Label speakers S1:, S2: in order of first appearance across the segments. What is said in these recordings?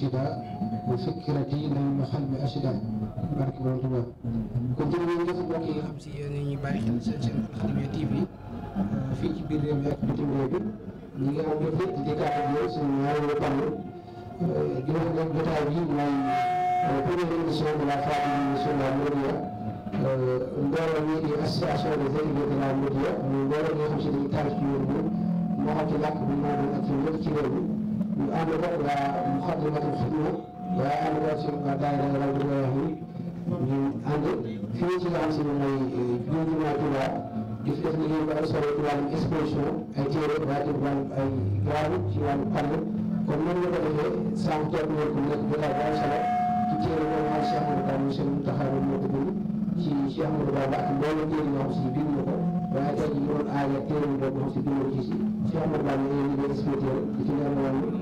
S1: Ida bu fikkirati lay ma xel mi asida barke Borom Tuuba kon jërëjëf mbokk yi nga xam si yéen ñuy bàyyi xel seen seen Alxadimiya TV euh, fii ci biir réew mi ak bitim réew bi ñu ngi am ñëpp it di kàddu gi suñu ñaari parle euh, di wax ne jotaay bi mooy euh, première émission de la Fàttali sur la Mouridiya mbooloo mi di association des érudits de la Mouridiya muy mbooloo nga xam si dañuy taal ci yoon bi moo xam ci làkk bi moo doon ak ci lépp ci réew mi ñu ànd ko waa Moukhaddamatoul Khidma waaye ànd ko suñu daayira Rawdu Rayaahiin ñu ànd fii ci nga xam si ne mooy biir jumaa Tuuba di def liggéey bu am solo ay
S2: téere waaye ci wàllum ay garabu ci wàllu fànn kon noonu la ko defee sànq toog
S1: nekk jotaay bu am solo ci téere boo xam Cheikh Amadou Bamba monsieur Mountakha moo ko ci Cheikh Amadou Bamba ak mboolem téere ci si Cheikh Amadou Bamba ñu ngi leen di expliqué ci li nga xam ne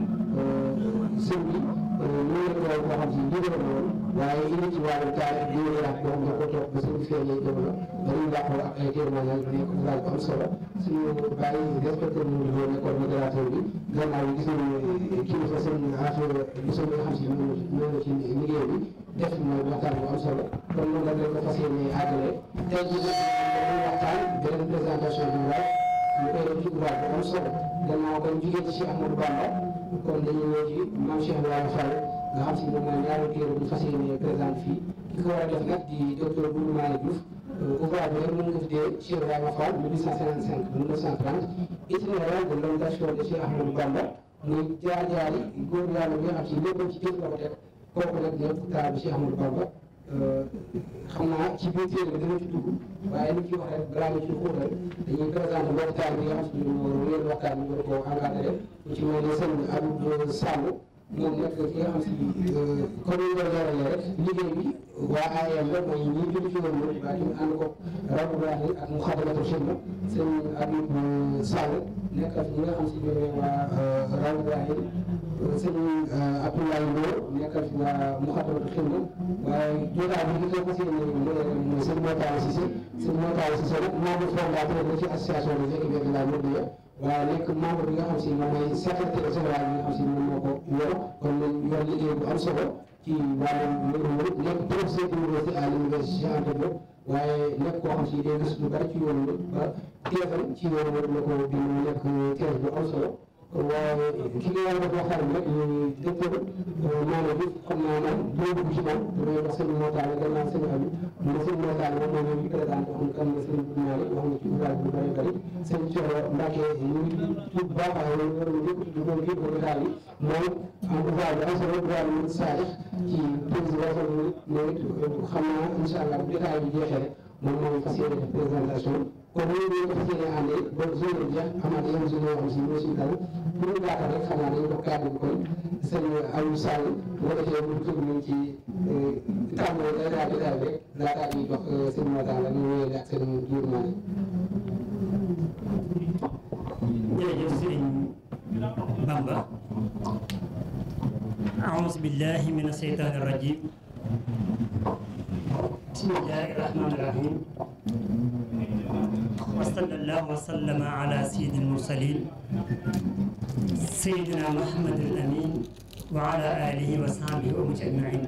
S1: sëñ bi loolu la ko waxoon si ndigal la woon waaye indi ci wàllu taarix bi ñu yàq moom da ko toog ba suñu feeñee jamono dañuy dàqoo ak ay témoignage bu nekk daal ko am solo suñu bàyyi respecté ñu ñu nekkoon modérateur bi gannaaw bi gis nañu kilifa sëñ affaire gisoo nga xam si ñoo la ci liggéey bi def na waxtaan bu am solo kon loolu nag lañ ko fas yéenee àggale tey jii dañuy waxtaan beneen présentation bi ñu koy def ci bu am solo gannaaw bañ jugee ci Cheikh Amadou Bamba kon dañuy ñëw ci maam Cheikh Ibrahima Fall nga xam si moom mooy ñaareelu téere bu ñu fas yéenee fii ki ko war a def nag di docteur Boubou Malick Diouf euh, ouvrage bi rek mën nga tuddee Cheikh Ibrahima Fall 1855 1930 itinéraire de l'engagement de Cheikh Ahmadou Bamba muy jaar-jaari góor yàlla bi nga xam si lépp ci jëf la ko teg kooku nag ñëpp taa bi Cheikh Ahmadou Bamba Euh, xam nga ci biir téere bi dana ci dugg waaye li ñu wax rek balaa ci xóotal dañuy présenté mbokk taal bi nga xam si moom moom nekk ki nga xam si euh, comme ni ñu rek liggéey bi waa AIM e la mooy ñi ñu ci woon ba ñu ànd ko rabu baax yi ak mu xaddamatu xidma sëñ Abdou Sall nekk ñi nga xam si ñoom waa rabu baax yi sëñ euh, Abdoulaye Lo nekkal fi waa Muxaddamatul Xidma waaye jotaay bi ñu ko seen mooy sëñ Motaw Cissé sëñ Motaw Cissé nag membre ci association des équipes de la Mouridiya waaye nekk membre bi nga xam si moom mooy secrétaire général bi nga xam si moom moo ko yor kon nañ yor liggéey am solo waaye nekk koo xam si day gëstu bari ci yoon bi ba teefal ci yoon bi la mu nekk teef bu am solo waaye ki nga war a ko xaram nag ñuy dëppal maanaam bi xam naa man doo dugg ci man seen mootaale gannaaw seen abi mu seen mootaale moom moo leen di présenté xam kan la seen maale wax na ci village bu bëri ngi tudd baax a ñu war a yëpp di doon yëpp ko daal yi moom am ouvrage bu am solo ouvrage saalix ci présentation bi ne xam naa incha bi kon ñun ñoo ko fas yéene àndee ba zone bi jeex amaat yeneen zone yoo xam si ñoo siy dal pour ñu gàttal rek xam naa dañu dox kàddu kon sëñ Aliou Sall bu ko defee bu tëb ñu ci tàmbali day daal di dal rek laataa ñuy jox sëñ Matar la ñu wéyale ak sëñ Diour Mane.
S2: jërëjëf sëñ Bamba. أعوذ
S3: بالله من الشيطان الرجيم بسم الله الرحمن الرحيم wa sallallahu wa sallama ala sayyidil mursalin sayyidina muhammadil amin wa ala alihi wa sahbihi wa ajmain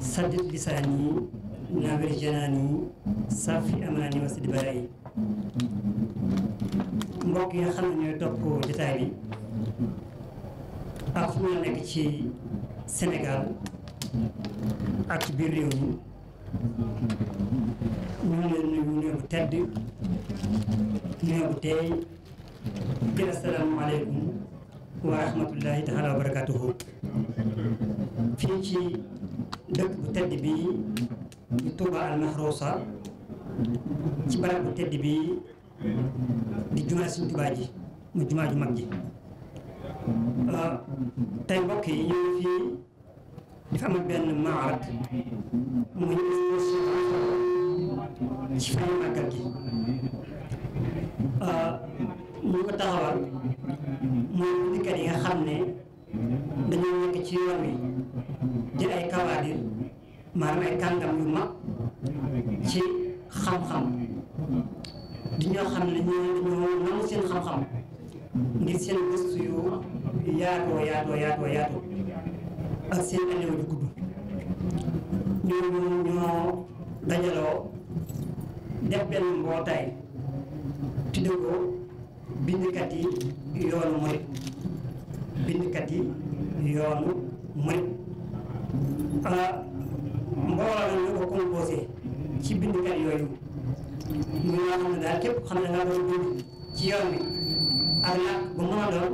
S3: saddid lisaani naawir janaani safi amaani wa sid barayi mbokk yi nga xam ne ñooy topp jotaay bi ak fu ñu nekk ci Sénégal ak ci biir réew mi ñu ngi leen nuyu nuyu bu tedd nuyu bu teey di asalaamaaleykum wa rahmatullahi taala wa barakatuhu fii ci dëkk bu tedd bi di Touba ci barab bu tedd bi di jumaa suñ Touba ji mu jumaa ju mag ji ah, tey mbokk yi ñëw fii dafa am benn maarad muy ci fay màggal gi ñu ah, ko taxawal mooy bindikat yi nga xam ne dañoo nekk ci yoon wi di ay kawaadir maanaam ay kàngam yu mag ci xam-xam di ñoo xam ne ñoo dañoo nangu seen xam-xam ngir seen gëstu yu yaatoo yaatoo yaatoo yaatoo ak seen annéew ju gudd ñooñu ñoo dajaloo def benn mbootaay tudde bindkat yi yoonu murit bindkat yi yoonu murit mbooloo ñu ko composé ci bindkat yooyu ñu ñoo xam ne daal képp xam ne nga doon bind ci yoon bi ak nag bu mën a doon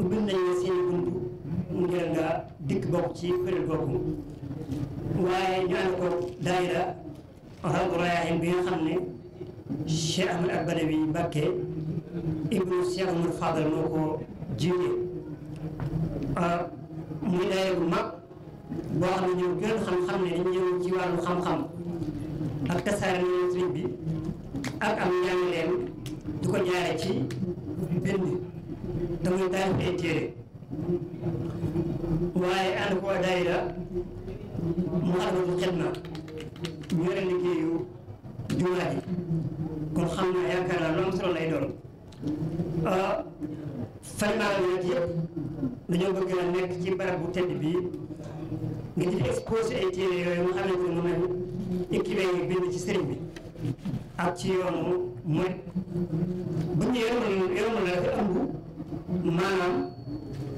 S3: ubbil nañu seen buntu mu jël nga dikk bokk ci kuréel googu waaye ñu ànd ko daayira Rawdu Rayaahiin bi nga xam ne Cheikh Ahmad ak Badawi Mbàkke ibnu Cheikh Ahmad Fadal moo ko jiite ah, muy daayira bu mag boo xam ne ñëw gën xam-xam ne dañu ñëw ci wàllu xam-xam ak tasaare nañu sëriñ bi ak am njàng leen
S2: ko jaare ci bind te muy téere
S3: waaye ànd ko daayira mu àndul xet na ñu yore liggéeyu jumaa ji kon xam naa yaakaar naa loolu solo lay doon ah, fan maa ngi nekk yëpp dañoo bëgg a nekk ci barab bu tedd bii nga ci exposé ay téere yooyu nga xam ne ko moom lañu bind ci sëriñ bi ak ci yoonu mooy bu ñu yoonu yoonu la fi ëmb maanaam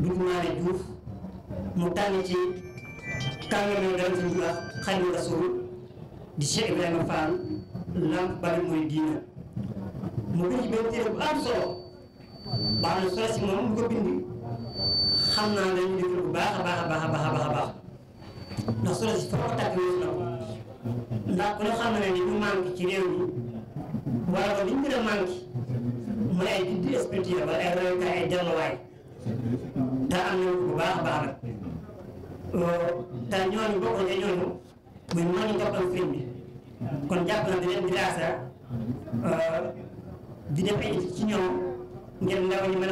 S3: Doudou Niane Diouf mu tànn ci kàngam daan suñu wax Xaadimu Rasuul di Cheikh Ibrahima Fall lamp bari mooy diina mu bind benn téere bu am solo baax na solo si moom mu ko bind xam naa dañu déglu baax a baax a baax ko ndax ku ne xam ne ni du manque ci réew mi wala ko liñ gën a manque mooy ay guide spirituel wala ay royukaay ay delluwaay te am nañ ko bu baax a baax nag te ñooñu bokk na ñooñu buñ mën a toppal sëriñ bi kon jàpp na di a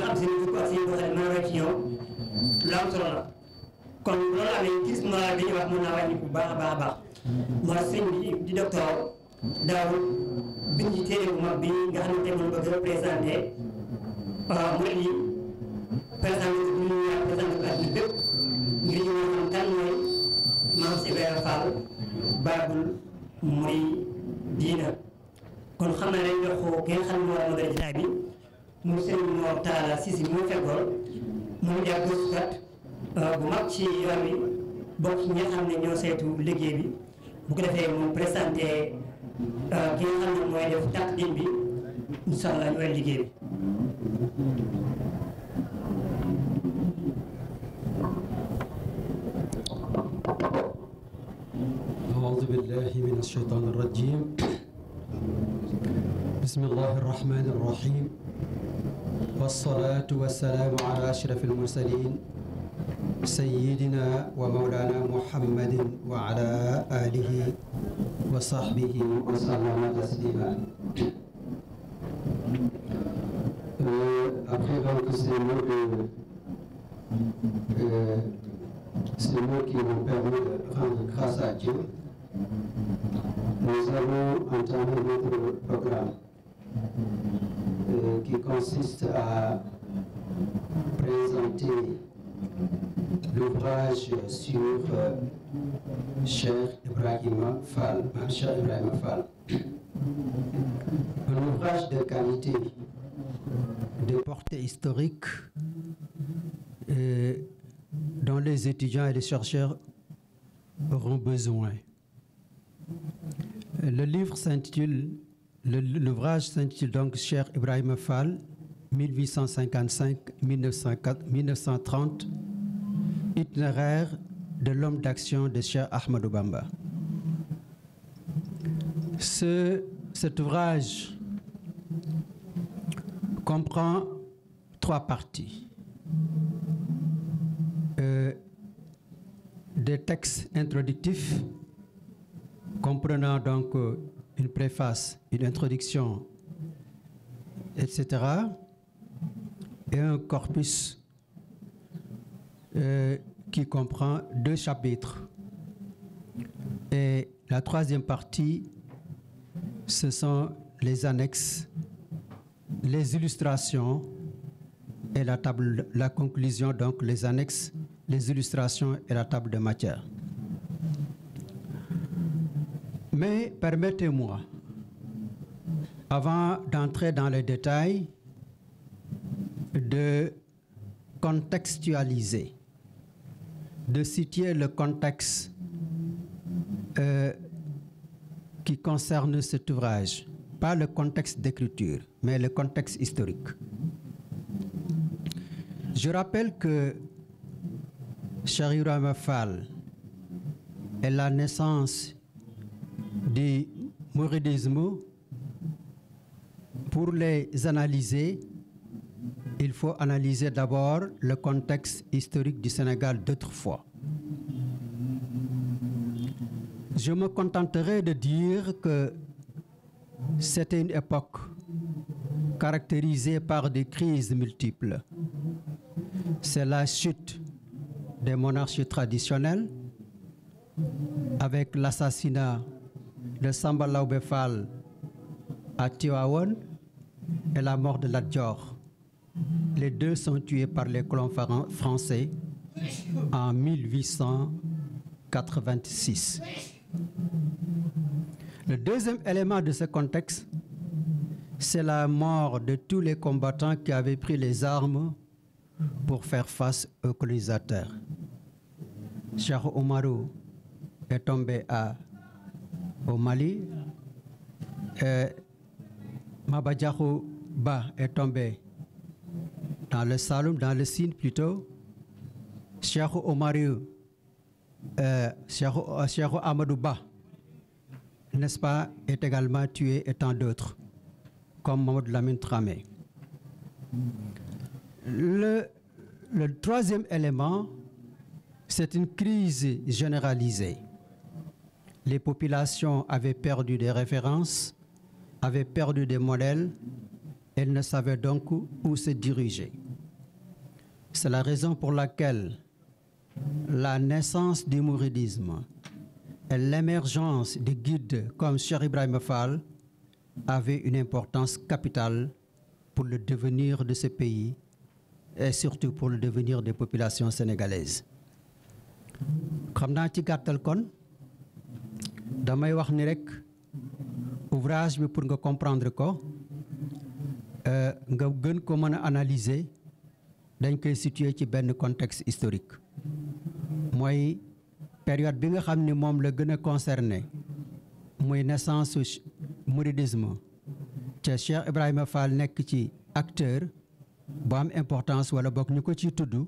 S3: am seen jikko ak seen doxalin mën a roy ci ñoom naa wàññi bu baax a baax baax mooy sëñ bi di docteur daaw bind ci téere bu mag bi nga xam ne tey moom bëgg représenté murid yi présenté bi ñu ñëwaat présenté ko àdduna bépp ngir ñu mën a xam kan mooy maam si Ibrahima Fall baabul muy diina kon xam naa dañuy jox ki nga xam ne moo war a mën a bi mu Serigne Mor Talla Cissé bi mu fekkoon mu ngi jàpp gëstukat euh, bu mag ci yoon wi bokk ñi nga xam ne ñoo saytu liggéey bi bu ko defee mu présenté euh, ki nga xam ne mooy def tàq din bi incha allah ñu liggéey
S2: bi.
S4: بالله من الشيطان الرجيم بسم الله الرحمن الرحيم والصلاة والسلام على أشرف المرسلين سيدنا ومولانا محمد وعلى آله وصحبه وسلم تسليما après donc ces mots de, euh, ces mots qui vont permettre de rendre grâce à Dieu Nous avons entamé notre programme euh, qui consiste à présenter l'ouvrage sur euh, Cheikh euh, Fall, Un ouvrage de qualité, de portée historique, euh, dont les étudiants et les chercheurs auront besoin. Euh, le livre s'intitule, l'ouvrage s'intitule donc Cher Ibrahim Fall, 1855-1930, itinéraire de l'homme d'action de Cheikh Ahmadou Bamba. Ce, cet ouvrage comprend trois parties. Euh, des textes introductifs comprenant donc une préface, une introduction, etc., et un corpus euh, qui comprend deux chapitres. Et la troisième partie, ce sont les annexes, les illustrations et la table, la conclusion, donc les annexes, les illustrations et la table de matière. Mais permettez-moi, avant d'entrer dans les détails, de contextualiser, de situer le contexte euh, qui concerne cet ouvrage. Pas le contexte d'écriture, mais le contexte historique. Je rappelle que Shahira Mafal est la naissance du mouridisme, pour les analyser, il faut analyser d'abord le contexte historique du Sénégal d'autrefois. Je me contenterai de dire que c'était une époque caractérisée par des crises multiples. C'est la chute des monarchies traditionnelles avec l'assassinat de Samba Laobé Fall à Tivaouane et la mort de Lat Les deux sont tués par les colons français en 1886. Le deuxième élément de ce contexte, c'est la mort de tous les combattants qui avaient pris les armes pour faire face aux colonisateurs. Cheikh Omarou est tombé à au Mali. Et euh, Maba Ba est tombé dans le Saloum, dans le Sine plutôt. Cheikh Omar euh, Cheikh euh, Amadou Ba, n'est-ce pas, est également tué et tant d'autres, comme Mahmoud Lamine Tramé. le troisième élément, c'est une crise généralisée. les populations avaient perdu des références, avaient perdu des modèles, elles ne savaient donc où se diriger. C'est la raison pour laquelle la naissance du mouridisme et l'émergence des guides comme Cheikh Ibrahim Fall avaient une importance capitale pour le devenir de ce pays et surtout pour le devenir des populations sénégalaises. damay wax ni rek ouvrage bi pour nga comprendre ko euh, nga gën ko mën a analyser dañ koy situer ci benn contexte historique mooy période bi nga xam ni moom la gën a concerné muy naissance su mouridisme te Cheikh Ibrahima Fall nekk ci acteur bu am importance wala bokk ñu ko ci tudd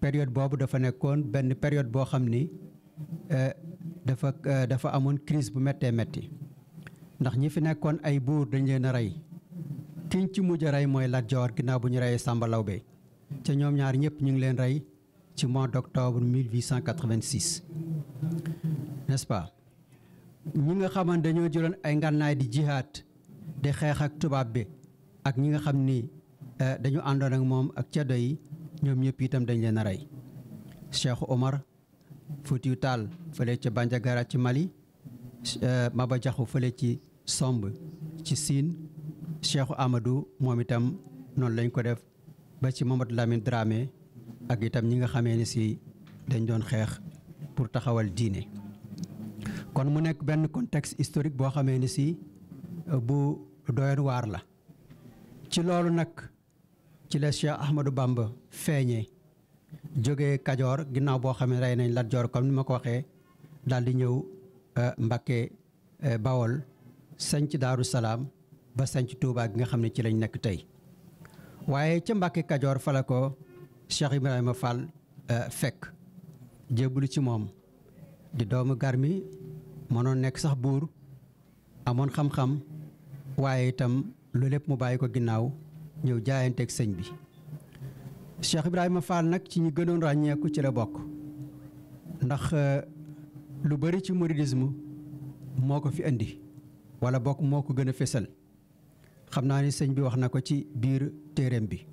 S4: période boobu dafa nekkoon benn période boo xam ni euh, dafa euh, dafa amoon crise bu méttee métti ndax ñi fi nekkoon ay buur dañ leen a rey kiñ ci mujj a rey mooy Lat Joor ginnaaw bu ñu reyee Samba Lawbe ca ñoom ñaar ñëpp ñu ngi leen rey ci mois d' octobre 1886 n'est-ce pas ñi nga xaman dañoo jëloon ay ngànnaay di jihaat di xeex ak tubaab bi ak ñi nga xam ni euh, dañu àndoon ak moom ak ceddo yi ñoom ñëpp itam dañ leen a rey Foutiou Tall fële ca Bandiagara ci Mali euh, Maba Diakhou fële ci Somb ci Sine Cheikh Amadou moom itam noonu lañ ko def ba ci Mamadou Lamine Dramé ak itam ñi nga xamee ni si dañ doon xeex pour taxawal diine kon mu nekk benn contexte historique boo xamee ni si euh, bu doyoon waar la ci loolu nag ci la Cheikh Ahmadou Bamba feeñee jóge Kajoor ginnaaw boo xam ne rey nañ Lat Joor kon ni ma ko waxee daal ñëw euh, Mbakke euh, Bawol sanc Daaru Salaam ba sanc tuubaa gi nga xam ne ci lañ nekk tey waaye ca Mbakke Kajoor fa la ko Cheikh Ibrahima Fall euh, fekk jébbalu ci moom di doomu garmi mënoon nekk sax buur amoon xam-xam waaye itam lu lépp mu bàyyi ko ginnaaw ñëw jaayanteeg sëñ bi Cheikh Ibrahima Fall nag ci ñi gënoon ràññeeku ci la bokk ndax euh, lu bari ci mouridisme moo ko fi indi wala bokk moo ko gën a fésal xam naa ni sëñ bi wax na ko ci biir téereem bi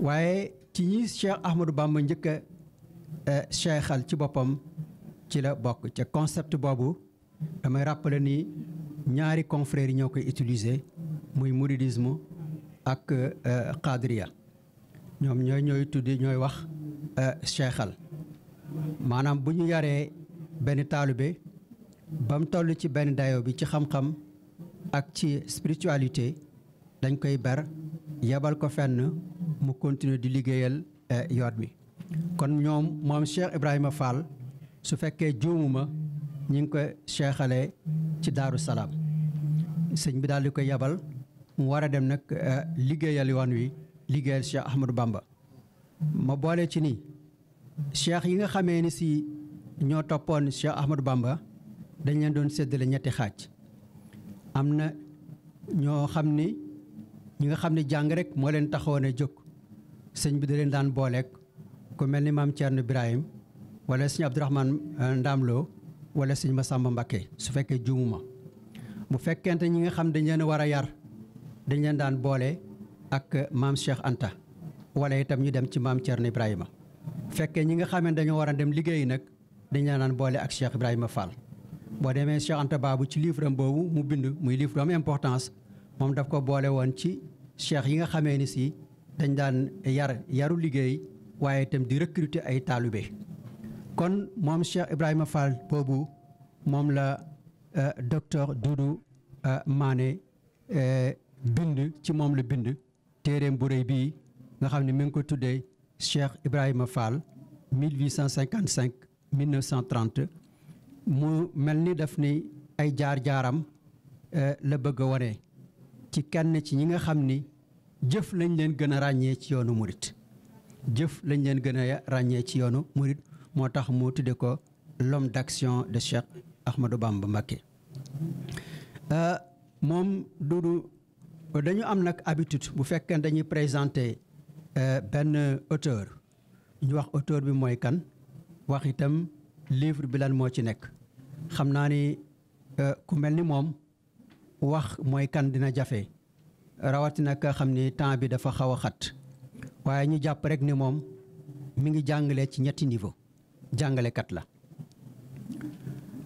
S4: waaye ci ñi Cheikh Ahmadou Bamba njëkk a cheikhal euh, ci boppam ci la bokk ca concept boobu damay rappeler ni ñaari confrères yi ñoo koy utiliser muy mouridisme ak euh, qadriya ñoom ñooy ñooy tuddi ñooy wax seexal euh, maanaam bu ñu yaree benn taalibe ba mu toll ci benn dayo bi ci xam-xam ak ci spiritualité dañ koy ber yebal ko fenn mu continuer di liggéeyal euh, yoot bi kon ñoom moom Cheikh Ibrahima Fall su fekkee juumuma ñi ngi ko seexalee ci Daaru Salaam sëñ bi daal di koy yebal mu war a dem nag euh, liggéeyal yoon wi liggéeyal Cheikh Ahmadou Bamba ma boole ci ni cheikh yi nga xamee ni si ñoo toppoon Cheikh Ahmadou Bamba dañ leen doon séddale ñetti xaaj am na ñoo xam ni ñi nga xam ne jàng rek moo leen taxawoon a jóg sëñ bi da leen daan booleek ku mel ni maam Thierno Birahim wala sëñ Abdourahmane euh, Ndamlo wala sëñ sàmm Mbacké su fekkee ma bu fekkente ñi nga xam dañ leen war a yar dañ leen daan boole ak maam Cheikh Anta wala itam ñu dem ci maam Thierno Ibrahima fekkee ñi nga xam ne dañoo war a dem liggéeyi nag dañ la naan boole ak Cheikh Ibrahima Fall. boo demee Cheikh Anta ci livre am boobu mu bind muy livre am importance moom daf ko boole woon ci cheikh yi nga xamee ni si dañ daan yar yaru liggéey waaye itam di recruter ay taalibe kon moom Cheikh Ibrahima Fall boobu moom la euh, docteur Doudou euh, Mané euh, bind ci moom la bind. téeréem bu rëy bii nga xam ne mu ngi ko tuddee Cheikh Ibrahima Fall 1855 1930 mu mel ni daf ni ay jaar-jaaram euh, la bëgg a wane ci kenn ci ñi nga xam ni jëf lañ leen gën a ràññee ci yoonu murit jëf lañ leen gën a ràññee ci yoonu murit moo tax mu tuddee ko l'homme d'action de Cheikh Ahmadou Bamba Mbacké euh, moom Doudou Euh, dañu am nag habitude bu fekkee dañuy présenter euh, benn auteur ñu wax autor bi mooy kan wax itam livre bi lan moo ci nekk xam naa ni euh, ku mel ni moom wax mooy kan dina jafe rawatina ka xam ni temps bi dafa xaw a xat waaye ñu jàpp rek ni moom mu ngi jàngalee ci ñetti niveau jàngalekat la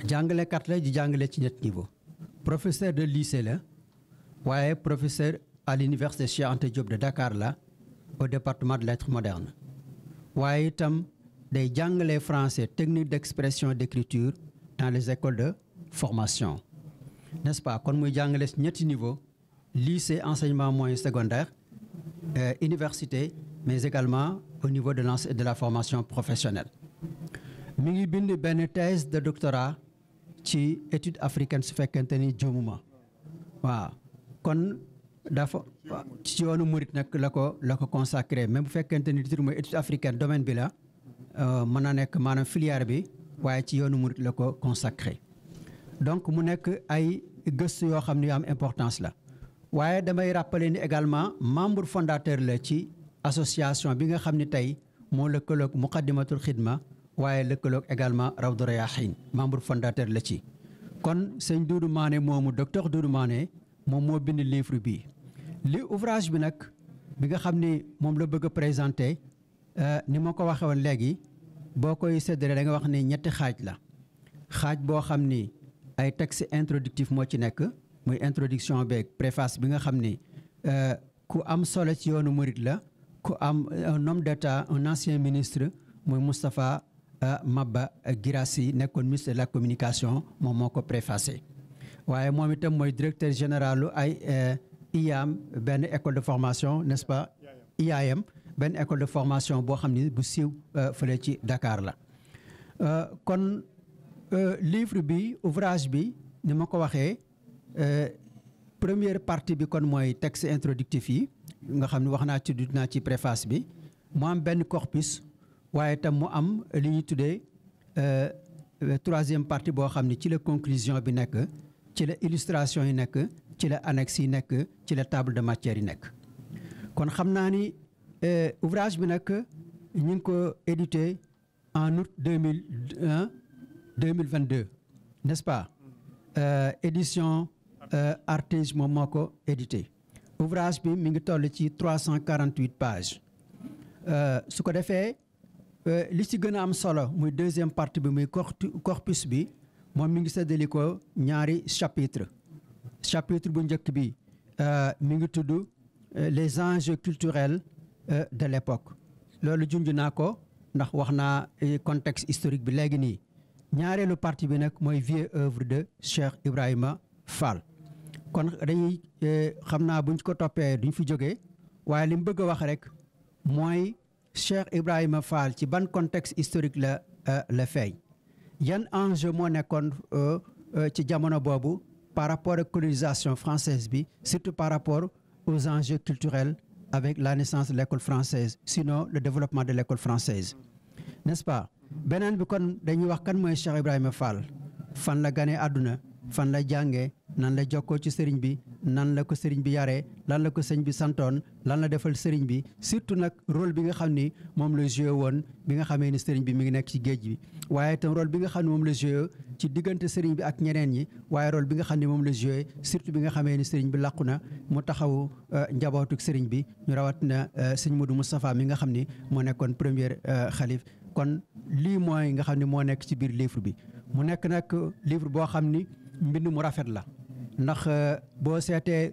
S4: jàngalekat la di jàngalee ci ñetti niveau professeur de lycée la. waaye professeur à l'université Cheikh Anta de Dakar la au département de lettres modernes waaye itam day jàngale français technique d'expression d'écriture dans les écoles de formation n'est-ce pas kon muy jàngale si ñetti niveau lycée enseignement mooy secondaire euh, université mais également au niveau de l' de la formation professionnelle mu ngi bind benn thèse de doctorat ci étude africaine su fekkente ni jomuma kon dafa ci yoonu murit nag la ko la ko consacré même bu fekkente ni titre mooy étude africaine domaine bi la euh, mën na nekk maanaam filière bi waaye ci yoonu murit la ko consacré donc mu nekk ay gëstu yoo xam ne yu am importance la waaye damay rappeler ni également membre fondateur la ci association bi nga xam ni tey moo lëkkaloog muqaddimatul xidma waaye lëkkaloog également rawdu rayahin membre fondateur la ci kon sëñ Doudou Mané moomu docteur Doudou moom moo bind livre bi li ouvrage bi nag bi nga xam ni moom la bëgg a présenter euh, ni ma ko waxee woon léegi boo koy séddale da nga wax ni ñetti xaaj la xaaj boo xam ni ay texte introductif moo ci nekk muy introduction beeg préface bi nga xam ni euh, ku am solo ci yoonu murit la ku am un homme d'état un ancien ministre muy Moustapha euh, Maba Guirassy nekkoon ministre de la communication moom moo ko préfacé waaye moom itam mooy directeur général ay eh, IAM benn école de formation n'est-ce pas benn école de formation boo xam ni bu siiw eh, fële ci dakaar la eh, kon livre bi ouvrage bi ni ma ko waxee première partie bi kon mooy texte introductif yi nga xam ne wax naa ci naa ci préface bi mu am benn corpus waaye tam mu am li ñuy tuddee troisième parti boo xam ne ci la conclusion bi nekk ci la illustration yi nekk ci la annexe yi nekk ci la table de matière yi nekk kon xam naa ni euh, ouvrage bi nag ñu ngi ko édité en août deux mille deux mille vingt deux n'est-ce pas euh, édition euh, Artige moom moo ko édité ouvrage bi mi ngi toll ci trois cent quarante huit pages su ko defee li ci gën a am solo muy deuxième partie bi muy corpus bi. moom mi ngi séddale ko ñaari chapitre chapitre bu njëkk bi euh, mi ngi tudd euh, les enjeux culturels euh, de l'époque loolu junj naa ko ndax wax naa contexte istorique bi léegi nii ñaareelu partie bi nag mooy vieille œuvre de Cheikh Ibrahima Fall kon dañuy xam naa buñ ko toppee duñ fi jóge waaye li mu bëgg a wax rek mooy Cheikh Ibrahima Fall ci ban contexte historique la la feeñ yan enjeu moo nekkoon euh, euh, ci jamono boobu par rapport ak colonisation française bi surtout par rapport aux enjeux culturels avec la naissance de l'école française sinon le développement de l'école française n'est-ce pas beneen bi kon dañuy wax kan mooy Cheikh Ibrahima Fall fan la gane àdduna fan la jàngee nan la jokkoo ci sëriñ bi nan la ko sëriñ bi yaree lan la ko sëñ bi santoon lan la defal sëriñ bi surtout nag rôle bi nga xam ni moom la joué woon bi nga xamee ni sëriñ bi mi ngi nekk ci géej bi waaye itam rôle bi nga xam ne moom la joué ci diggante sëriñ bi ak ñeneen yi waaye rôle bi nga xam ni moom la joué surtout bi nga xamee ni sëriñ bi làqu na mu taxawu euh, njabootuk sëriñ bi ñu rawat na euh, sëñ Modou Moustapha mi nga xam ni moo nekkoon premier euh, xalif kon lii mooy nga xam ne moo nekk ci biir livre bi mbind mu rafet la ndax euh, boo seetee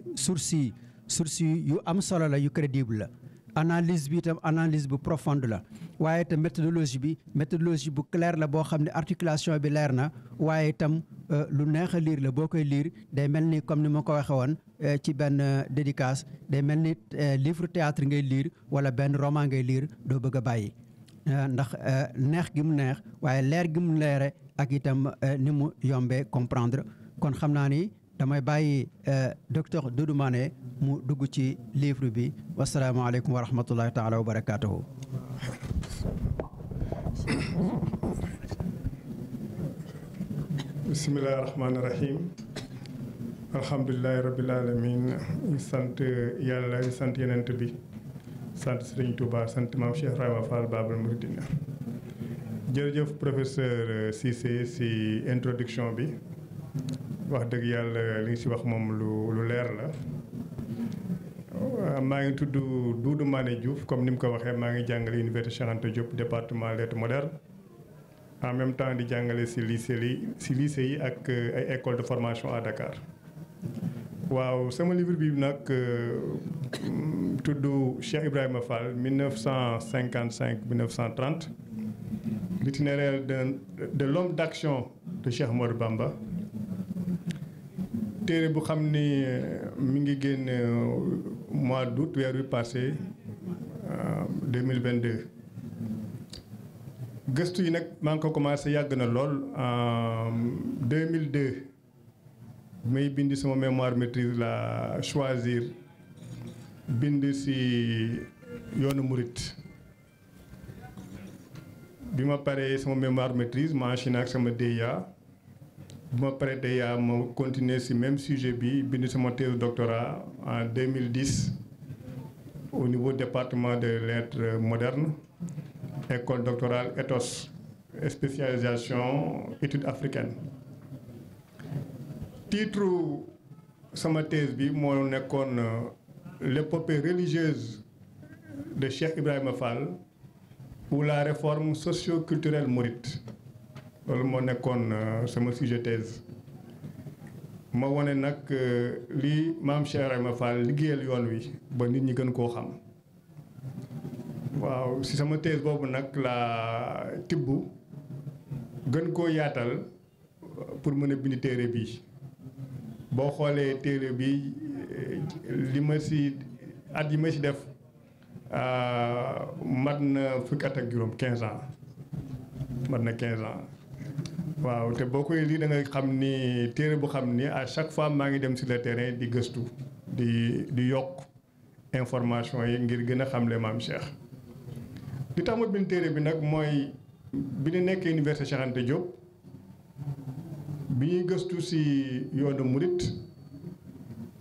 S4: source yi yu am solo la yu crédible la analyse bi itam analyse bu profonde la waaye itam méthodologie bi méthodologie bu claire la boo xam ne articulation bi leer na waaye itam euh, lu neex a liir la boo koy liir day mel ni comme ni ma ko waxee woon euh, ci benn dédicace day mel ni livre théâtre ngay liir wala benn roman ngay liir doo bëgg a bàyyi Euh, ndax euh, neex gi mu neex waaye leer gi mu leere ak itam euh, ni mu yombe comprendre kon xam naa ni damay bàyyi docteur Doudou mu dugg ci livre bi wasalaamaaleykum wa rahmatullahi taala wa barakaatuhu bismillahi rahmaani rahim
S5: alhamdulilahi rabbil sant yàlla sant yenent bi sant Serigne Touba sant maam Cheikh Rahma Fall Babal Mouridina jërëjëf professeur euh, Cissé si introduction bi wax dëgg yàlla li ngi si wax moom lu lu leer la. Euh, maa ngi tudd Doudou Mané Diouf comme ni mu ko waxee maa ngi jàngale Université Cheikh Anta Diop département lettres modernes en même temps di jàngale si lycée li si lycée yi ak euh, ay école de formation à Dakar. waaw sama livre bi bi nag euh, tudd Cheikh Ibrahima Fall 1955 1930 l'itinéraire de de l'homme d'action de Cheikh Ahmadou Bamba téere bu xam ni euh, mi ngi génn euh, mois d'août weer bi passé 2022 gëstu yi nag maa ngi ko commencé yàgg na lool en 2002 may bind sama mémoire maîtrise la choisir bind si yoonu murit bi ma paree sama mémoire maîtrise ma ak sama DEA bi ma paree DEA ma continuer ci même sujet bi bind sama thèse doctorat en 2010 au niveau département de lettres modernes école doctorale ETHOS spécialisation études africaines titre sama thèse bi moo nekkoon euh, l'épopée religieuse de Cheikh Ibrahima Fall ou la réforme socio-culturelle mouride loolu moo nekkoon euh, sama sujet thèse ma wone nag euh, li maam Cheikh Ibrahima Fall liggéeyal yoon wi ba nit ñi gën koo xam waaw ci sama thèse boobu nag laa tibb gën koo yaatal pour mën a bind téere bii boo xoolee téere bi li ma si at yi ma si def euh, mat na fukki at ak juróom quinze ans mat na quinze ans waaw te boo koy lii da nga xam ni téere bu xam ni à chaque fois maa ngi dem si le terrain di gëstu di di yokk information yi ngir gën a xamle maam Cheikh li tax ma bind téere bi nag mooy bi ñu nekkee université Cheikh Anta Diop bi ñuy gëstu si yoonu murit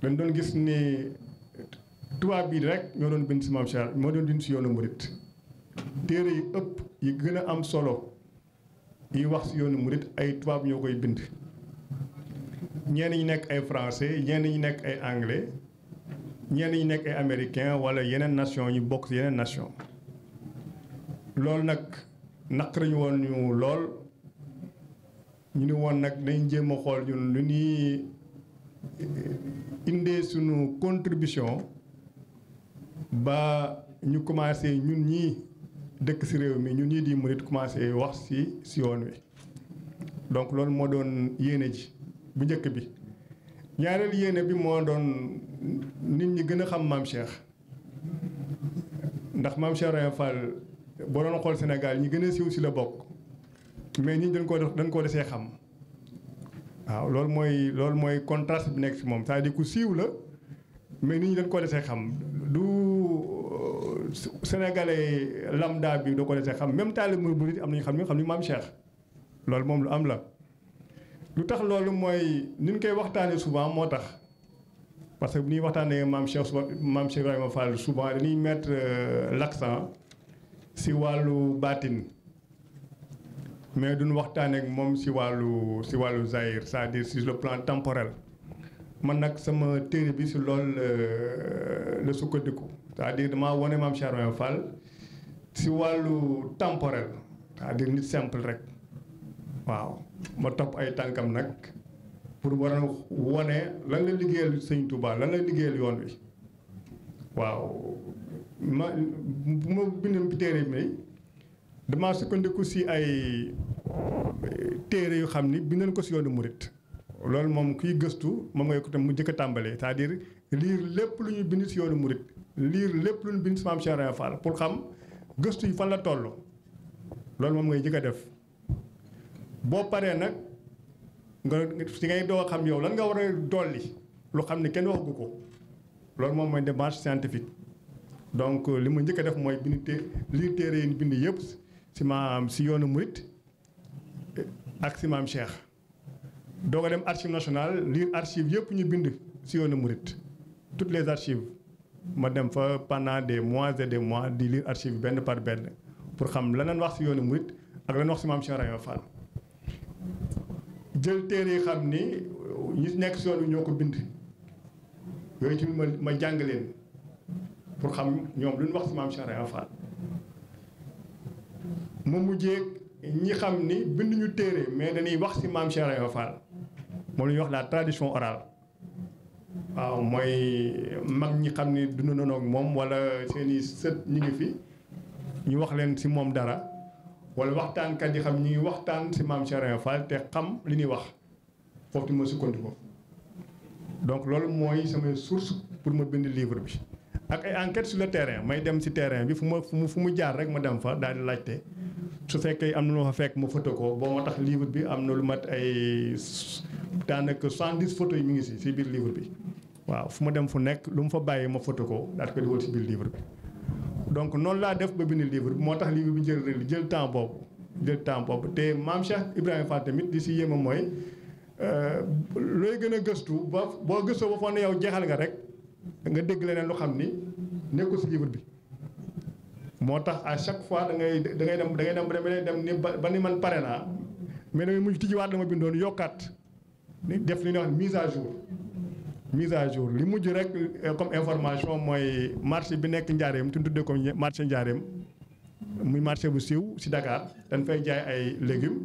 S5: dañ doon gis ni tubaab bii rek ñoo doon bind si maam Cheikh moo doon bind si yoonu murit téere yi ëpp yi gën a am solo yi wax si yoonu murit ay tubaab ñoo koy bind ñenn ñi nekk ay français ñenn ñi nekk ay anglais ñenn ñi nekk ay américain wala yeneen nation ñu bokk si yeneen nation loolu nag naqariñu woon ñu lool ñu ni woon nag dañ jéem a xool ñun lu ñuy eh, indee suñu contribution ba ñu commencé ñun ñii dëkk si réew mi ñun ñii di murit commencé wax si si yoon wi donc loolu moo doon yéene ji bu njëkk bi ñaareel yéene bi moo doon nit ñi gën a xam maam Cheikh ndax maam Cheikh Ibra Fall boo doon xool Sénégal ñi gën a siiw si la bokk mais ñi dañ koo def dañ koo desee xam waaw loolu mooy loolu mooy contraste bi nekk si moom c'est-à-dire ku siiw la mais nit ñi dañ koo desee xam du euh, sénégalais lambda bi doo ko desee xam même taalib mu bu nit am nañu xam ñu xam ni maam Cheikh loolu moom lu am la lu tax loolu mooy ni koy waxtaanee souvent moo tax parce que bu ñuy waxtaanee maam Cheikh suba maam Cheikh Ibrahima Fall souvent dañuy mettre euh, l'accent si wàllu baatin mais duñ waxtaan ak moom si wàllu si wàllu Zahir cest à si sur le plan temporel man nag sama téere bi si lool euh, la sukkandiku c'est-à-dire damaa wane maam Cheikh Ibrahima Fall si wàllu temporel cest à nit simple rek waaw ma topp ay tànkam nag pour war a wane lan la liggéeyal sëñ Touba lan la liggéeyal yoon wi waaw ma bu ma bindam téere bi damaa sukkandiku si ay eh, téere yu xam ni bind ko si yoonu murit loolu moom kuy gëstu moom ngay ko tam mu njëkk a tàmbalee c'est-à-dire lire lépp lu ñu bind si yoonu murit liir lépp lu ñu bind si maam Cheikh Ibra Fall pour xam gëstu yi fan la toll loolu moom ngay njëkk a def boo paree nag nga si ngay doo xam yow lan nga war a dolli lu xam ne kenn waxagu ko loolu moom mooy démarche scientifique donc li ma njëkk def mooy bind té lire téere yi bind yëpp si maam si yoonu murit eh, ak si maam Cheikh doo ko dem archive nationale lire archive yëpp ñu bind si yoonu murit tout les archives ma dem fa pendant de mois et des mois di lire archive benn par benn pour xam la wax si yoonu murit ak la leen wax si maam Cheikh Rajo Fall jël téere yi xam ni ñi nekk si yoon wi ñoo ko bind yooyu tamit ma ma jàng leen pour xam ñoom lu ñu wax si maam Cheikh Rajo Fall mu mujjee ñi xam ni bind ñu téere mais dañuy wax si maam Cheikh Ibra Fall moom la wax la tradition orale waaw mooy mag ñi xam ni dund nañoo moom wala seeni sët ñi ngi fi ñu wax leen si moom dara wala waxtaankat yi xam ñu ngi waxtaan si maam Cheikh Ibra Fall te xam li ñuy wax foofu ci ma sukkandiku donc loolu mooy samay source pour ma bind livre bi. ak ay enquête sur le terrain may dem si terrain bi fu ma fu mu fu mu jaar rek ma dem fa daal di laajte su fekkee am na lu ma fekk ma photo ko boo ma tax livre bi am na lu mat ay daanaka soixante-dix photo yi mi ngi si si biir livre bi waaw fu ma dem fu nekk lu mu fa bàyyi ma photo ko daal di ko si biir livre bi. donc noonu laa def ba bind livre bi moo tax livre bi jël jël temps boobu jël temps boobu te maam Cheikh Ibrahima Fall tamit di si yéema mooy euh, looy gën a gëstu ba boo gëstoo ba ne yow jeexal nga rek. nga dégg leneen lu xam ni nekkul si livre bi moo tax à chaque fois da ngay da ngay dem da ngay dem ba dem ni ba ni man pare naa mais da ngay mujj tijjiwaat la ma bindoon yokkaat def li ñuy wax à jour. mise à jour li mujj rek euh, comme information mooy marché bi nekk Njaareem tuñ tuddee comme marché Njaareem muy marché bu siw si Dakar dañ fay jaay ay légumes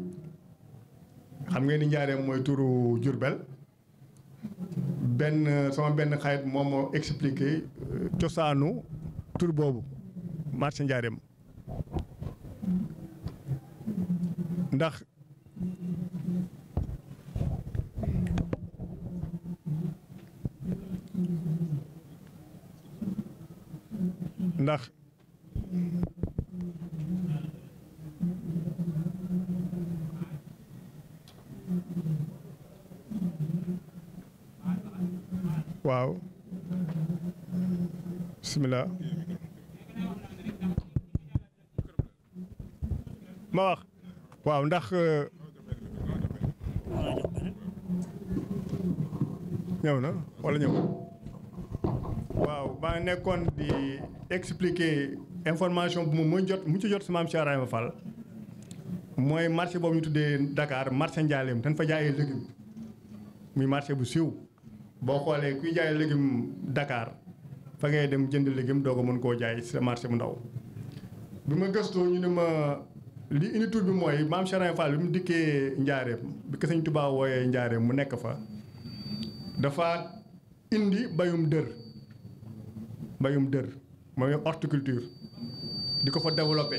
S5: xam ngeen ni Njaareem mooy turu Jurbel benn sama benn xarit moom moo expliqué euh, cosaanu tur boobu marché Njaareem ndax waaw bisimilah ma wax waaw ndax euh, ñëw na wala ñëw waaw maa nekkoon di expliquer information bu mu jot mu ci jot si maam Cheikh Ibrahima Fall mooy marché boobu ñu tuddee Dakar marché Ndialem dañ fa jaayee légumes muy marché bu siw boo xoolee kuy jaay légume dakaar fa ngay dem jënd légume doo ko mën koo jaay ci marché bu ndaw bi ma gëstoo ñu ne ma li indi tur bi mooy maam Serigne Fall bi mu dikkee njaareem bi ko Sëñ Tuubaa wooyee njaareem mu nekk fa dafa indi bayum dër bayum dër mooy horticulture di ko fa développé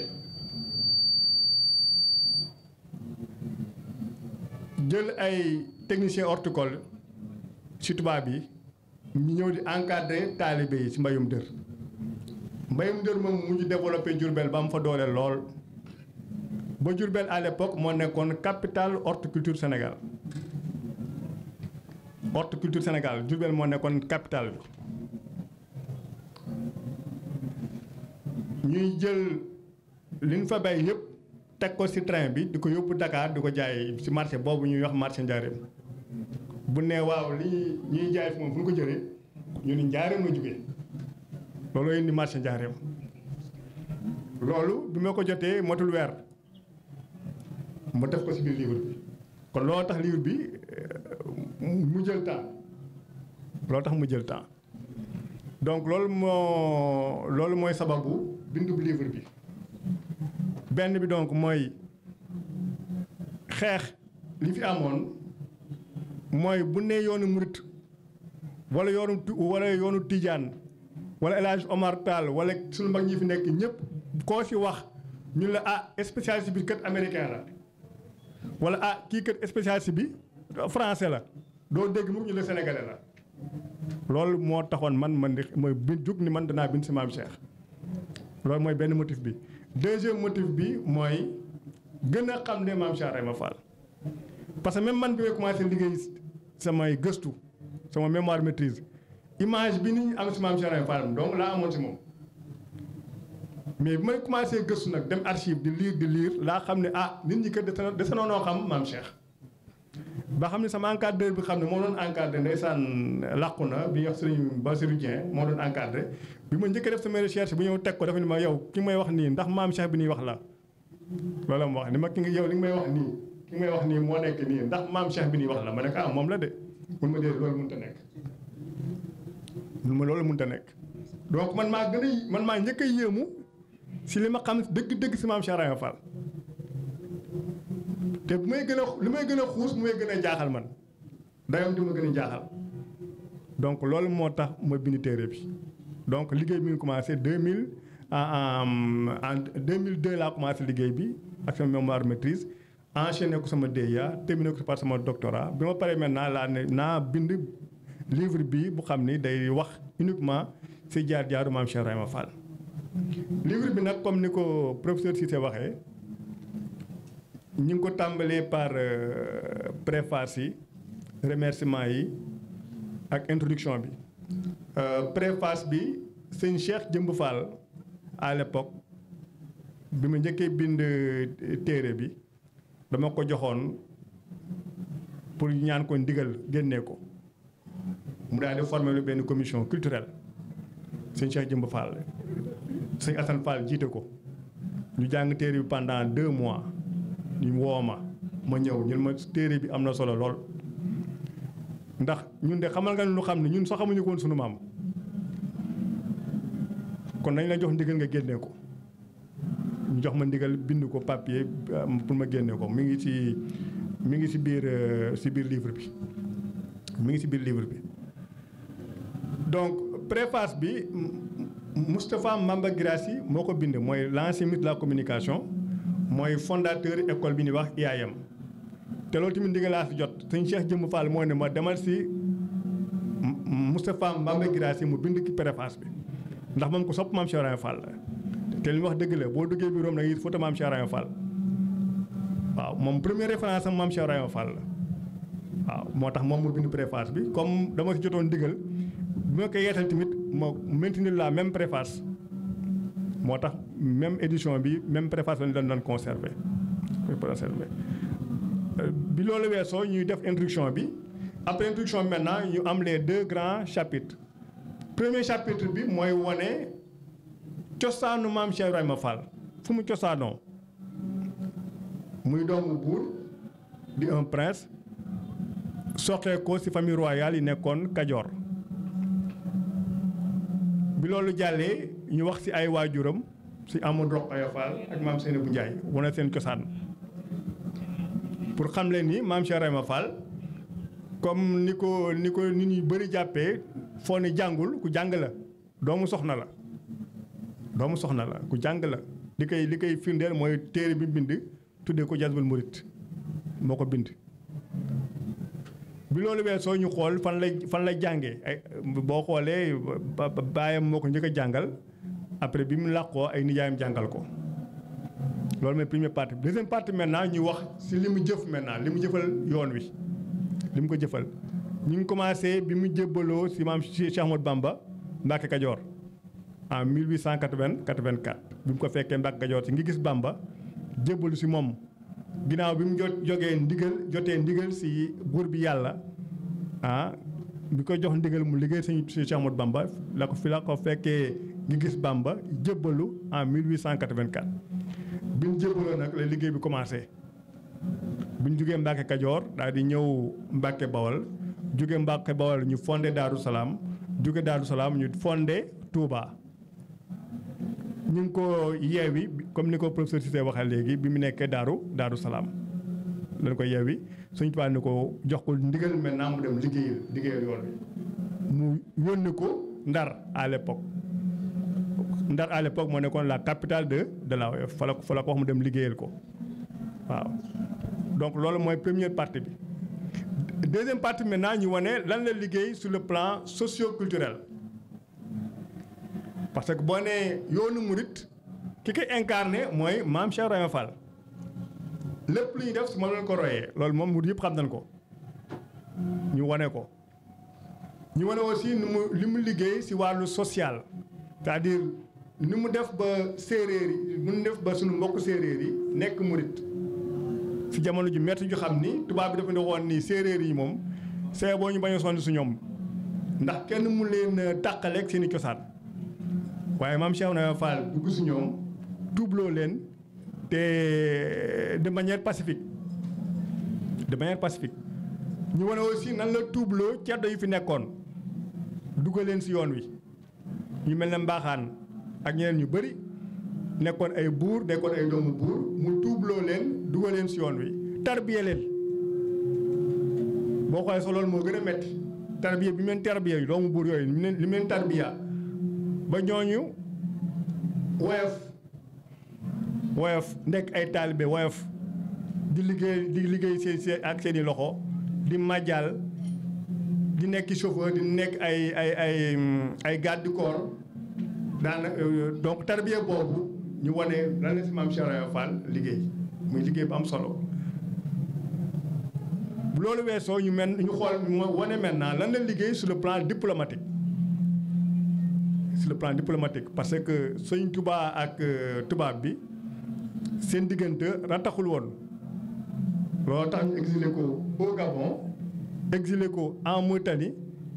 S5: jël ay technicien horticole ci tubaab yi ñu ñëw di encadrer taalibe yi ci mbayum dër mbayum dër moom mu ñu développé Diourbel ba mu fa doole lool ba Diourbel à l'époque moo nekkoon capitale senegal Sénégal horticulture senegal Diourbel moo nekkoon capitale bi ñuy jël li ñu fa bay yëpp teg ko ci train bi di ko yóbbu Dakar di ko jaay ci marché boobu ñuy wax marché Ndiarème bu ne waaw li ñuy jaay fi moom fu ñu ko jëlee ñu ni njaareem la jógee loolu marché njaareem loolu bi ma ko jotee motul weer ma def ko si biir kon loolu tax livre bi euh, mu jël temps loolu tax mu jël temps donc loolu moo loolu mooy sababu bindub livre bi benn bi donc mooy xeex li fi amoon mooy bu ne yoonu murit wala yoonu wala yoonu tijaan wala El Hadj Omar Tall wala suñu mag ñi fi nekk ñëpp koo ci wax ñu la ah spécialiste bi kat américain la wala ah kii kat spécialiste bi français la doo dégg mu ñu la sénégalais la loolu moo taxoon man man di mooy bi jug ni man danaa bind si maam Cheikh loolu mooy benn motif bi deuxième motif bi mooy gën a xam ne maam Cheikh Rayma Fall parce que même man bi may commencé liggéey samay gëstu sama mémoire maîtrise image bi ni am si maam Cheikh Ibrahima donc laa amoon si moom mais bi may commencé gëstu nag dem archive di lire di lire laa xam ne ah nit ñi kat dese na noo xam maam Cheikh. ba xam ne sama encadreur bi xam ne moo doon encadré ndeysaan làqu na bi wax sëriñ ba Dieng moo doon encadré bi ma njëkk def sama recherche bu ñëw teg ko dafa ni ma yow ki may wax nii ndax maam Cheikh bi ñuy wax la loolu la ma wax ki ngay wax nii moo nekk nii ndax maam Cheikh bi nii wax la ma ne ah moom la de mun ma dee loolu mënut a nekk mun ma loolu mënut a nekk donc man maa gën a man maa njëkk a yéemu si li ma xam dëgg-dëgg si maam Cheikh Ibrahima te bu may gën a li may gën a xuus mu may gën a jaaxal man dayam di ma gën a jaaxal donc loolu moo tax ma bind téere bi donc liggéey bi ñu commencé 2000 en en 2002 laa commencé liggéey bi ak sama mémoire maîtrise enchaîné ko sama DEA terminé ko parce sama doctorat bi ma paree maintenant laa ne naa bind livre bi bu xam ni day wax uniquement si jaar-jaaru maam Cheikh Ibrahima Fall. livre bi nag comme ni ko professeur Cissé waxee ñu ngi ko tàmbalee par euh, préface yi remerciement yi ak introduction bi. Euh, préface bi sëñ Cheikh Jëmb Fall à l'époque bi ma njëkkee bind euh, téere bi. dama ko joxoon pour ñaan ko ndigal génnee ko mu daal di formé lu benn commission culturel sëñ Cheikh Jëmb Fall sëñ Assane Fall jiite ko ñu jàng téere bi pendant deux mois ñu woo ma ma ñëw ñun ma téere bi am na solo lool. ndax ñun de xamal nga lu xam ne ñun sax xamuñu ko woon sunu maam kon nañ la jox ndigal nga génnee ko. mu jox ma ndigal bind ko papier euh, pour ma génne ko mi ngi ci mi ngi ci biir si euh, biir livre bi mi ngi ci biir livre bi donc préface bi Moustapha Mamba Guirassy moo ko bind mooy l'ancien ministre la communication mooy fondateur école bi ñuy wax IAM te loolu tamit ndigal laa fi jot sëñ Cheikh Jëmb Fall moo ne ma demal ci Moustapha Mamba Guirassy mu bind ki préface bi ndax moom ko sopp maam Cheikh Ibrahima Fall te li wax dëgg la boo duggee bi da ngay gis photo maam Cheikh Fall waaw moom première référence am maam Cheikh Fall waaw moo tax moom mu bind préface bi comme dama si jotoon digal bi ma koy yeetal tamit ma maintenir la même préface moo tax même édition bi même préface lañu doon doon conservé conservé bi loolu weesoo ñuy def introduction bi après introduction bi maintenant ñu am les deux grands chapitres premier chapitre bi mooy wane cosaanu maam Cheikh Ibrahima Fall fu mu cosaanoo muy doomu buur di un soxee ko ci famille royale yi nekkoon Kajoor bi loolu jàllee ñu wax ci ay waajuram ci Amadou Rokhaya Fall ak maam Seynabou Ndiaye wone seen cosaan pour xam leen ni maam Cheikh Ibrahima Fall comme ni ko ni ko nit ñu bëri jàppee foo ni jàngul ku jàng la doomu soxna la doomu soxna la ku jàng la li koy li koy firndeel mooy téere bi bind tuddee ko Jazbul Murid moo ko bind bi loolu soo ñu xool fan la fan lay jàngee ay boo xoolee baayam moo ko njëkk a jàngal après bi mu làqoo ay nijaayam jàngal ko loolu mooy première partie deuxième partie maintenant ñu wax si li mu jëf maintenant li mu jëfal yoon wi li mu ko jëfal ñu ngi commencé bi mu jébbaloo si maam Cheikh Ahmadou Bamba Mbacke Kajoor en 1880 84 bi mu ko fekkee Mbàkke Kajoor si ngi gis Bamba jébbalu si moom ginnaaw bi mu jot jógee ndigal jotee ndigal si buur bi yàlla ah bi ko jox ndigal mu liggéey si si Cheikh Bamba la ko fi la ko fekkee ngi gis Bamba jébbalu en 1884 bi mu jébbaloo nag la liggéey bi commencé bi ñu jógee Mbàkke Kajoor daal di ñëw Mbàkke Bawol jóge Mbàkke Bawol ñu fonde Daaru Salaam jóge Daaru Salaam ñu fonde Touba. ñu ngi ko yeewi comme ni ko professeur Cissé waxee léegi bi mu nekkee daaru daaru salaam lañ ko yeewi Sëñ Tuubaa ni ko jox ko ndigal maintenant mu dem liggéeyal liggéeyal yoon bi mu yónni ko Ndar à l'époque Ndar à l'époque moo nekkoon la capitale de de la Oyof fa ko wax mu dem liggéeyal ko waaw donc loolu mooy première partie bi deuxième partie maintenant ñu wane lan la liggéey sur le plan socio-culturel parce que boo nee yoonu murit ki koy incarné mooy maam Cheikh Ibrahima lépp lu ñuy def su ma leen ko royee loolu moom murit yëpp xam nañ ko ñu wane ko. ñu wane aussi ni mu li mu liggéey si wàllu social cest à ni mu def ba séeréer yi mu def ba suñu mbokk séeréer yi nekk murit si jamono ji metti ju xam ni tubaab bi dafa ne woon ni séeréer yi moom see boo ñu bañ a sonn su ñoom ndax kenn mu leen tàqaleeg seen cosaan. waaye maam Cheikh Ibrahima Fall dugg si ñoom dubloo leen te euh, de manière pacifique de manière pacifique ñu wane aussi nan la tuubloo ceddo yu fi nekkoon dugal leen si yoon wi ñu mel ne mbaaxaan ak ñeneen ñu bëri nekkoon ay buur nekkoon ay doomu buur mu tuubloo leen dugal leen si yoon wi tarbiye leen boo xoolee sax moo gën a métti tarbiye bi mu leen tarbiye yi doomu buur yooyu li mu leen tarbiya ba ñooñu woyof woyof nekk ay taalibe woyof di liggéey di liggéey seen ak seeni loxo di majal di nekk chauffeur di nekk ay ay ay ay garde corps daanaka euh, donc tarbiya boobu ñu wane lan la si maam Cheikh Fall liggéey muy liggéey bu am solo. loolu weesoo ñu men ñu xool wane maintenant lan la liggéey su le plan diplomatique. sur le plan diplomatique parce que sëñ Touba ak euh, tubaab bi seen diggante rataxul woon loolu tax ñu exilé ko au Gabon exilé ko en Mauritanie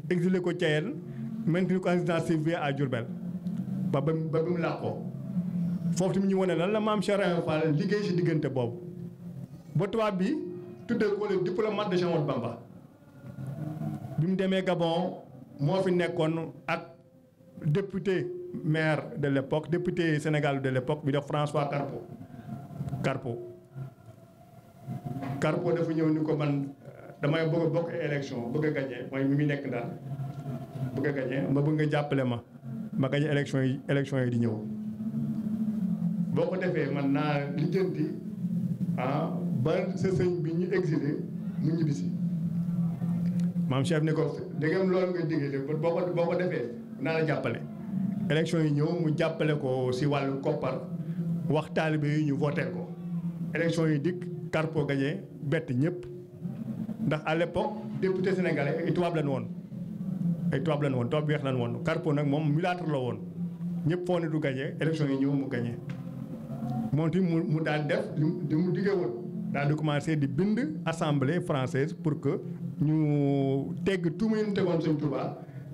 S5: exilé ko Thiel maintenu ko en résidence surveillée à Diourbel ba ba mu làqoo foofu lan la maam Cheikh Ibrahima Fall liggéey si diggante boobu ba tubaab bi tuddee ko le diplomate de Jean Bamba bi mu demee Gabon moo fi nekkoon ak député maire de l'époque député Sénégal de l'époque bi def François Carpo Carpo Carpo dafa ñëw ni ko man damay bëgg a bokk élection bëgg a mooy mi muy nekk daal bëgg a ma bëgg nga jàppale ma ma gagné élection yi élection yi di ñëw boo ko defee man naa lijjanti ah ba sa sëñ bi ñu exilé mu ñibbisi maam chef ni ko dégg nga loolu nga diggee boo ko boo ko defee naa la jàppale. élection yi ñëw mu jàppale ko si wàllu koppar wax taalibe yi ñu voté ko élection yi dikk Carpo gagné bett ñëpp ndax à l'époque député sénégalais ay tubaab lañ woon. ay tubaab lañ woon tubaab bi weex lañ woon Carpo nag moom mulâtre la woon ñëpp foo du gagné élection yi ñëw mu gagné moom ti mu mu daan def li mu diggee woon daal di commencé di bind assamble française pour que ñu tegg tuuma yi ñu tegoon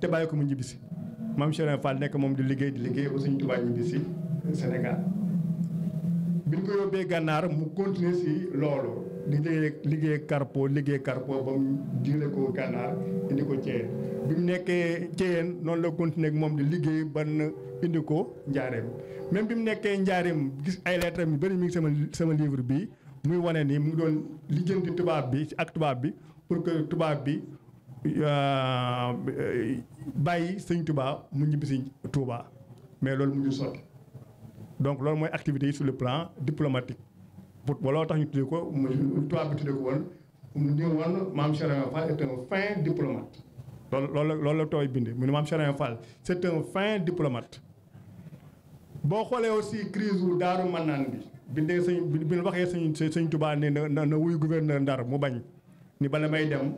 S5: te bàyyi ko mu ñibbisi maam Cheikh Ibra Fall nekk moom di liggéey di liggéey ba Sëriñ Tuubaa ñibbi si Sénégal bi ñu ko yóbbee gànnaar mu continuer si loolu liggéey liggéey carpo liggéey carpo ba mu jëlee ko gànnaar indi ko Thiès bi mu nekkee Thiès noonu la continuer ak moom di liggéey ban indi ko njaareem même bi mu nekkee njaareem gis ay lettres yu bëri mi ngi sama sama bi muy wane ni mu ngi doon lijjanti tubaab bi ak tubaab bi pour que tubaab bi. Euh, bàyyi sëñ Touba mu ñibbi si Touba mais loolu mu ñu sotti donc loolu mooy activité yi su le plan diplomatique pour looloo tax ñu tuddee ko tubaab bi tuddee ko woon mu ne woon maam Cheikh Fall est fin diplomate. loolu loolu loolu la tooy bind mu ne maam Cheikh Fall c' est fin diplomate boo xoolee aussi crise wu Daaru Manaan bi bi dee sëñ bi ñu waxee sëñ sëñ Touba ne na na wuy gouverneur Ndar mu bañ ni bala may dem.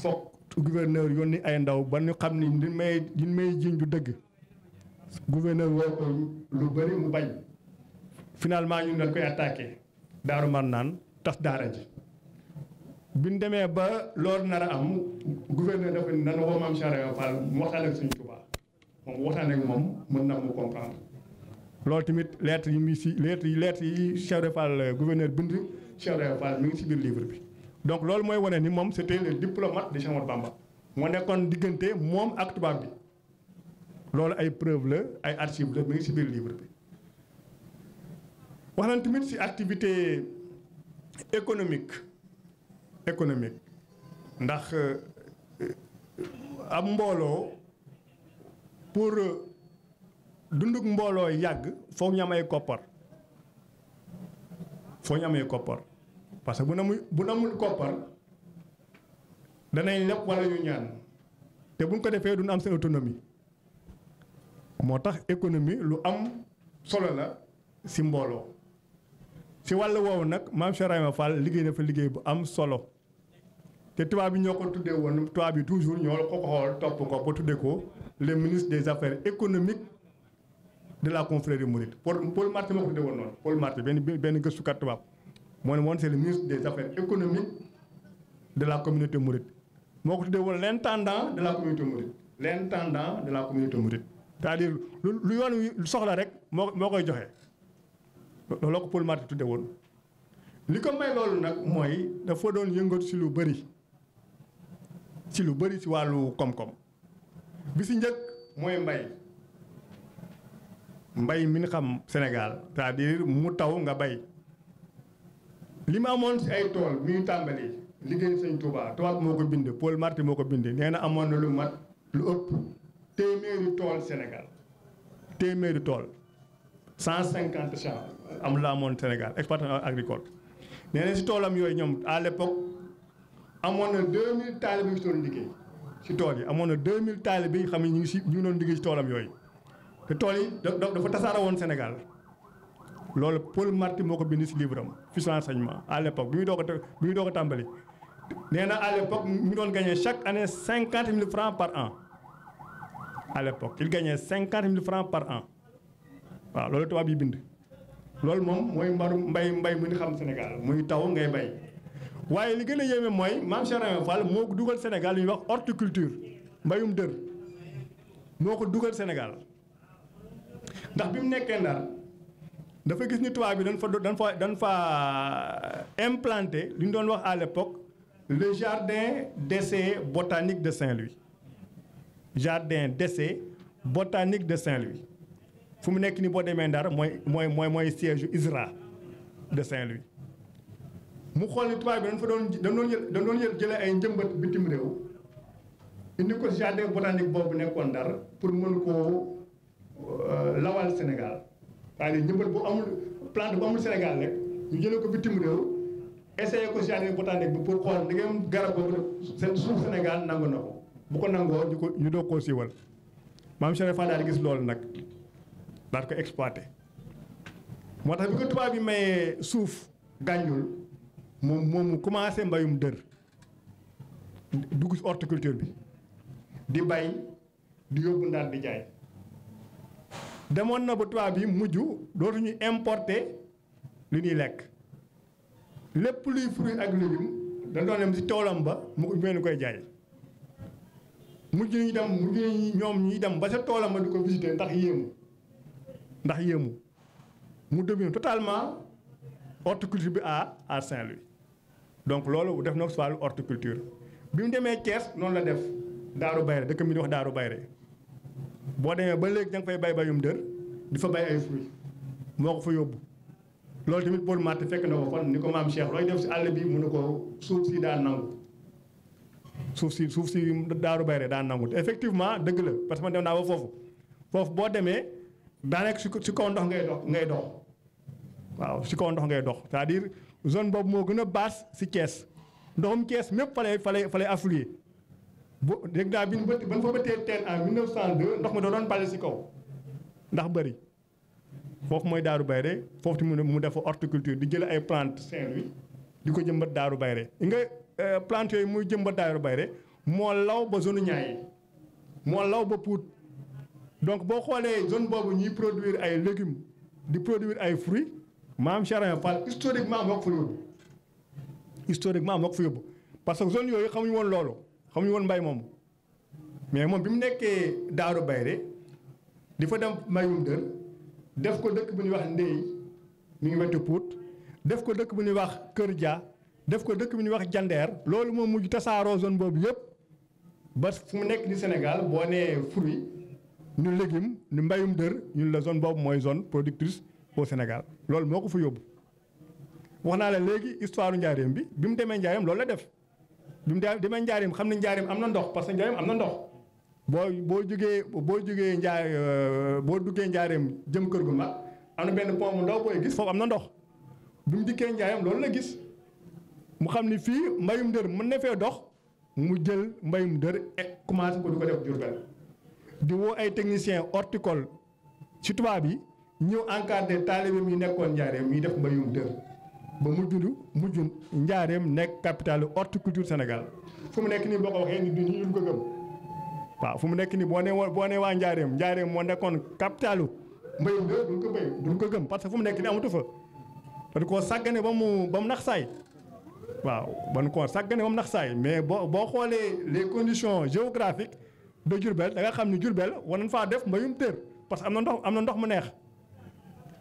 S5: foog gouverneur yónni ay ndaw ba ñu xam ni li may li may jiñ du dëgg gouverneur woo ko lu bëri mu bañ finalement ñun dañ koy attaqué daaru man naan tas daara ji bi ñu demee ba lool nar a am gouverneur dafa ni nan woo maam Cheikh Fall mu waxtaan ak Sëriñ Tuubaa moom waxtaan ak moom mën na mu comprendre loolu tamit lettre yi muy si lettre yi lettre yi Cheikh Fall gouverneur bind Cheikh Fall mi ngi si biir livre bi donc loolu mooy wane ni moom c'était le diplomate de Cheikh Ahmadou moo nekkoon diggante moom ak tubaab bi loolu ay preuve la ay archive la mi ngi ci biir livre bi wax tamit ci activité économique économique ndax euh, ab mbooloo pour euh, dunduk mbooloo yàgg foog ñu am ay koppar foog ñu am ay koppar parce que bu na muy bu na mul koppar danañ lépp wala ñu ñaan te buñ ko defee duñ am seen autonomie moo tax économie lu am solo la si mbooloo si wàll woowu nag maam Cheikh Ibrahima Fall liggéey dafa liggéey bu am solo te tubaab bi ñoo ko tuddee woon tubaab bi toujours ñoo ko xool topp ko ba tuddee ko le ministre des affaires économiques de la confrérie mouride Paul Paul Marty moo ko tuddee woon noonu Paul Marty benn benn gëstukat tubaab. moo ne woon c'est le ministre des affaires économiques de la communauté mouride moo ko tuddee woon leen de la communauté mouride l'intendant de la communauté mouride cest lu yoon soxla rek moo koy joxe looloo ko Paul Marty tudde woon li ko may loolu nag mooy dafa doon yëngatu si lu bëri si lu bëri si wàllu koom-koom bi si njëkk mooy mbay mbay mi ñu xam Sénégal cest à mu taw nga bay li ma amoon si ay tool mi ñu tàmbali liggéey sëñ Touba tubaab moo ko bind Paul Marty moo ko bind nee na amoon na lu mat lu ëpp téeméeri tool senegal téeméeri tool cent cinquante champs am la amoon Sénégal exploitation agricole nee na si toolam yooyu ñoom à l'époque amoon na deux mille taalibe bi liggéey si tool yi amoon na deux mille taalibe bi xam ne ñu ngi si ñu ngi doon si toolam yooyu te tool yi dafa tasaara woon Sénégal loolu Paul Marty moo ko bind si livre am Fiches et enseignements à l'époque bi muy doog a bi tàmbali nee na à l'époque mu doon gagné chaque année cinquante mille francs par an à l'époque il gagnait cinquante mille francs par an waaw loolu tubaab yi bind. loolu moom mooy mbaru mbay mbay mu ñu xam Sénégal muy taw ngay bay waaye li gën a yéeme mooy maam Cheikh Ibrahima moo ko dugal Sénégal li ñuy wax horticulture mbayum dër moo ko dugal Sénégal ndax bi mu nekkee Ndar dafa gis ni tubaab bi dañ fa dañ fa dañ fa euh, implanté li ñu doon wax à l'époque le jardin d'essai botanique de Saint-Louis jardin d'essai botanique de Saint-Louis fu mu nekk nii boo demee Ndar mooy mooy mooy mooy siège ISRA de saint mu xool ni tubaab bi dañ fa doon dañ doon jël dañ doon jëlee ay njëmbat bitim réew indi ko jardin botanique boobu nekkoon Ndar pour mën koo euh, lawal Sénégal waaye nag bu amul plante bu amul Sénégal rek ñu jëlee ko bitim réew essayé ko jardin botanique bi pour xool da ngeen garab boobu seen suuf Sénégal nangu na ko bu ko nangoo ñu ko ñu doog koo siiwal maam Cheikh Fall daal di gis loolu nag daal ko exploité moo tax bi ko tubaab yi mayee suuf gàññul moom moom mu commencé mbayum dër dugg ci horticulture bi di bay di yóbbu ndaal di jaay demoon na ba tubaab yi mujj dootuñu importer li ñuy lekk lépp luy fruit ak légume dañ dem si toolam ba mu ubbeenu koy jaay mujj ñu dem mujj ñoom ñuy dem ba sa toolam ba di ko visiter ndax yéemu ndax yéemu mu domine totalement horticulture bi à à saint donc loolu def na si wàllu horticulture bi mu demee Thiès noonu la def Daaru Bayre dëkk mi di wax Daaru Bayre boo demee ba léegi da fay bay bayum dër di fa bay ay fruits moo ko fa yóbbu loolu tamit Paul Marty fekk na ko fan ni ko maam Cheikh looy def si àll bi mu ne ko suuf si daa nangu suuf si suuf si daaru bayre daa nangu te effectivement dëgg la parce que dem naa ba foofu foofu boo demee daanaka si si kaw ndox ngay dox ngay dox waaw si kaw ndox ngay dox c'est-à-dire zone boobu moo gën a baas si Thiès ndoxum Thiès mépp fa lay fa lay fa bu dégg naa bi ñu bë ba ñu fa bëttee teen en 1902 ndox mi da doon bale si kaw ndax bëri foofu mooy Daaru Bayre foofu tamit mu def horticulture di jële ay plante Saint-Louis di ko jëmbat Daaru i nga euh, plante yooyu muy jëmbat Daaru Bayre moo law ba zone Niayes moo law ba Pout donc boo xoolee zone boobu ñuy produire ay légumes di produire ay fruits maam Charin Fall historiquement moo ko fa yóbbu historiquement moo ko fa yóbbu parce que zone yooyu xamuñu woon loolu. xam ñu won mbay moomu mais moom bi mu nekkee bay bayre di fa dem mbayum dër def ko dëkk bu ñuy wax ndey mu ngi wetu puut def ko dëkk bu ñuy wax kër jaa def ko dëkk bu ñuy wax jandeer loolu moo mujj tasaaroo zone boobu yëpp ba fu mu nekk ni Sénégal boo nee fruit ñu légume ñu mbayum dër ñun la zone boobu mooy zone productrice au Sénégal loolu moo ko fa yóbbu wax naa la léegi histoire njaareem bi bi mu demee njaareem loolu la def bi mu daa demee njaarim xam ne njaarim am na ndox parce que njaarim am na ndox boo boo jógee boo jógee njaar euh, boo duggee njaarim jëm kër gu mag am na benn pont mu ndaw booy gis foofu am na ndox bi mu dikkee njaarim loolu la gis mu xam ni fii mbayum ndër mën na dox mu jël mbayum ndër et commencé ko di ko def Jurbel di woo ay technicien horticole ci tubaab yi ñëw encadré taalibeem yi nekkoon njaareem yi def mbayum ndër ba mujjundu mujjun njaareem nekk capitale horticulture Sénégal fu mu nekk nii boo ko waxee waaw fu mu nekk nii boo nee waa njaareem njaareem moo nekkoon capitale mbéyum de duñ ko ko gëm parce que fu mu nekk nii amatu fa. dañ koo sàggane ba mu ba nax saay waaw ban koo sàggane ba mu nax saay mais boo boo xoolee les conditions géographiques da Diourbel da nga xam ni Diourbel war nañ faa def mbéyum tër parce que am na ndox am na ndox mu neex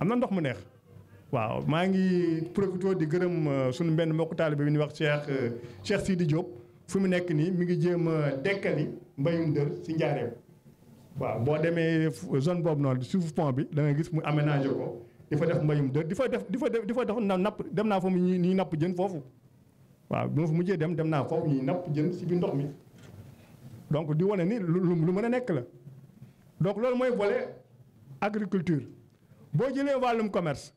S5: am na ndox mu neex. waaw maa ngi profité di gërëm euh, suñu mbenn mbokku taalibe bi ñuy wax Cheikh euh, sii di Diop fu mu nekk nii mi ngi jéem a dekkali mbayum dër si njaareem waaw boo demee zone boobu noonu suuf pont bi dangay gis mu aménagé ko di fa def mbayum dër di fa def di fa def di fa def napp dem naa fa mu ñuy napp jën foofu waaw bi ma fa mujjee dem dem naa foofu ñuy napp jën si biir ndox mi donc di wane ni lu lu mën a nekk la donc loolu mooy volet agriculture boo jëlee wàllum commerce.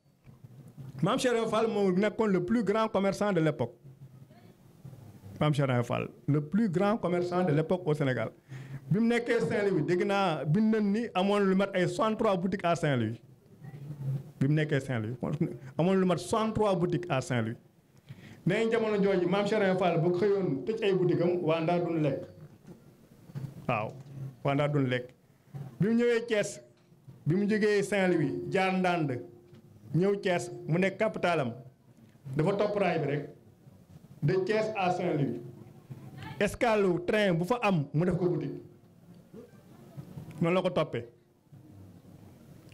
S5: maam Cheikh Fall moo nekkoon le plus grand commerçant de l' époque maam Cheikh Fall le plus grand commerçant de l' époque au bi mu nekkee Saint-Louis dégg naa bind nañ ni amoon lu mat ay 63 boutiques à Saint-Louis bi mu nekkee Saint-Louis amoon lu mat 63 boutiques à Saint-Louis. nee jamono jooju maam Cheikh Fall bu xëyoon tëj ay boutique am waa Ndar duñ lekk waaw waa Ndar duñ lekk bi mu ñëwee Thiès bi mu jógee Saint-Louis jaar Ndande. ñëw Thiès mu nekk capitalam dafa toppraay bi rek de Thiès à Saint-Louis escale train bu fa am mu def ko boutique noonu la ko toppee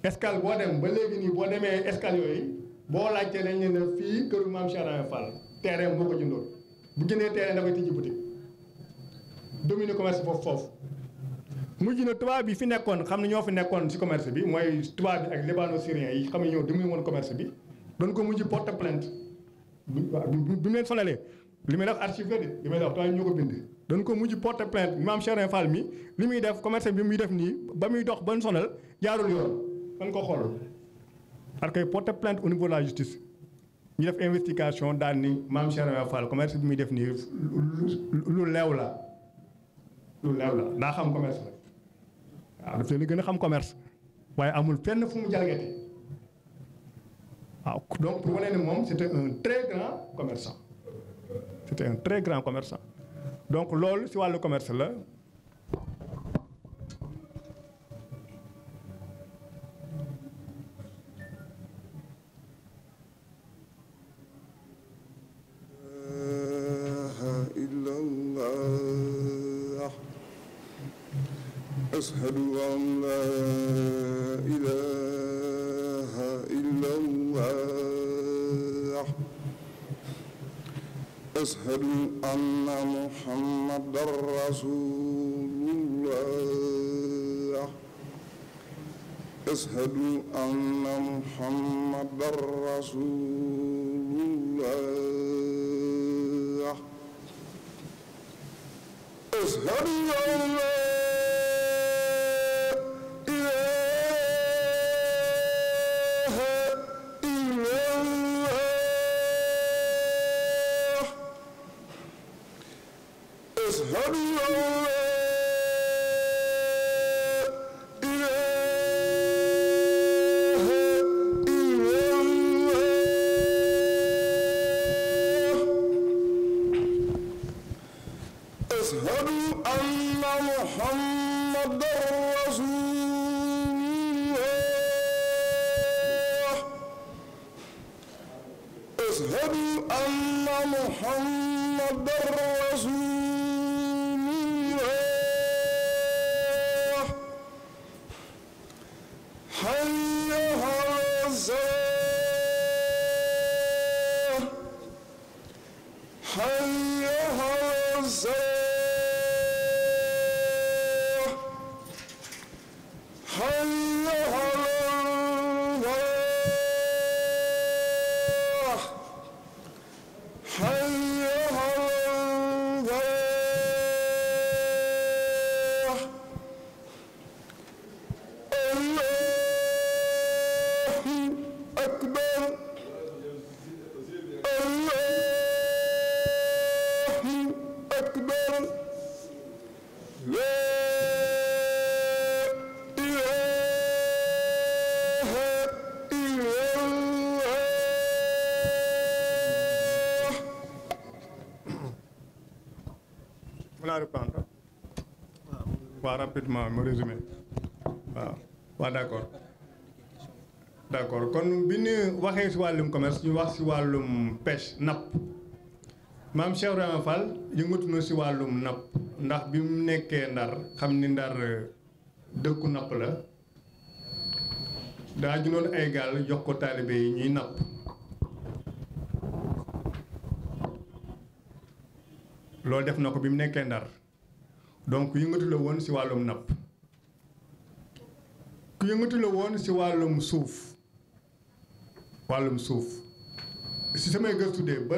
S5: escale boo dem ba léegi nii boo demee escale yooyu boo laajtee dañ ne fii këru maam Chara Fall terrain moo ko jëndoon bu jëndee terrain dafay tijji boutique domine commerce boobu foofu. mujj na tubaab bi fi nekkoon xam ne ñoo fi nekkoon si commerce bi mooy tubaab bi ak libano syrien yi xam ne ñoo dimbali woon commerce bi doon ko mujj porte plainte bu bu leen sonalee li may def archive la de li may def tubaab yi ñoo ko bind. doon ko mujj porte plainte maam Cheikh Fall mi li muy def commerce bi muy def nii ba muy dox ban sonal jaarul yoon fan ko xool parce que porte plainte au niveau la justice. ñu def investigation daal ni maam Cheikh Fall commerce muy def nii lu leew la lu la daa xam waaw daf gën a xam commerce waaye amul fenn fu mu jàngatee waaw donc pour wane ne moom c' était un très grand commerçant c' était grand commerçant donc loolu si wàllu commerce la.
S6: واشهد ان لا اله الا الله اشهد ان محمدا رسول الله اشهد ان محمدا رسول الله اشهد ان
S5: rapidement ma résumé waaw waaw d'accord d'accord kon bi ñu waxee ci wàllum commerce ñu wax ci wàllum pêche napp maam Cheikh Ibrahima Fall yëngatu na si wàllum napp ndax bi mu nekkee ndar xam ni ndar euh, dëkku napp la daa junoon ay gaal jox ko taalibe yi ñuy napp loolu def na ko bi mu nekkee ndar donc yëngatu la woon si wàllum napp ku yëngatu woon ci wàllum suuf wàllum suuf si samay gëstu de ba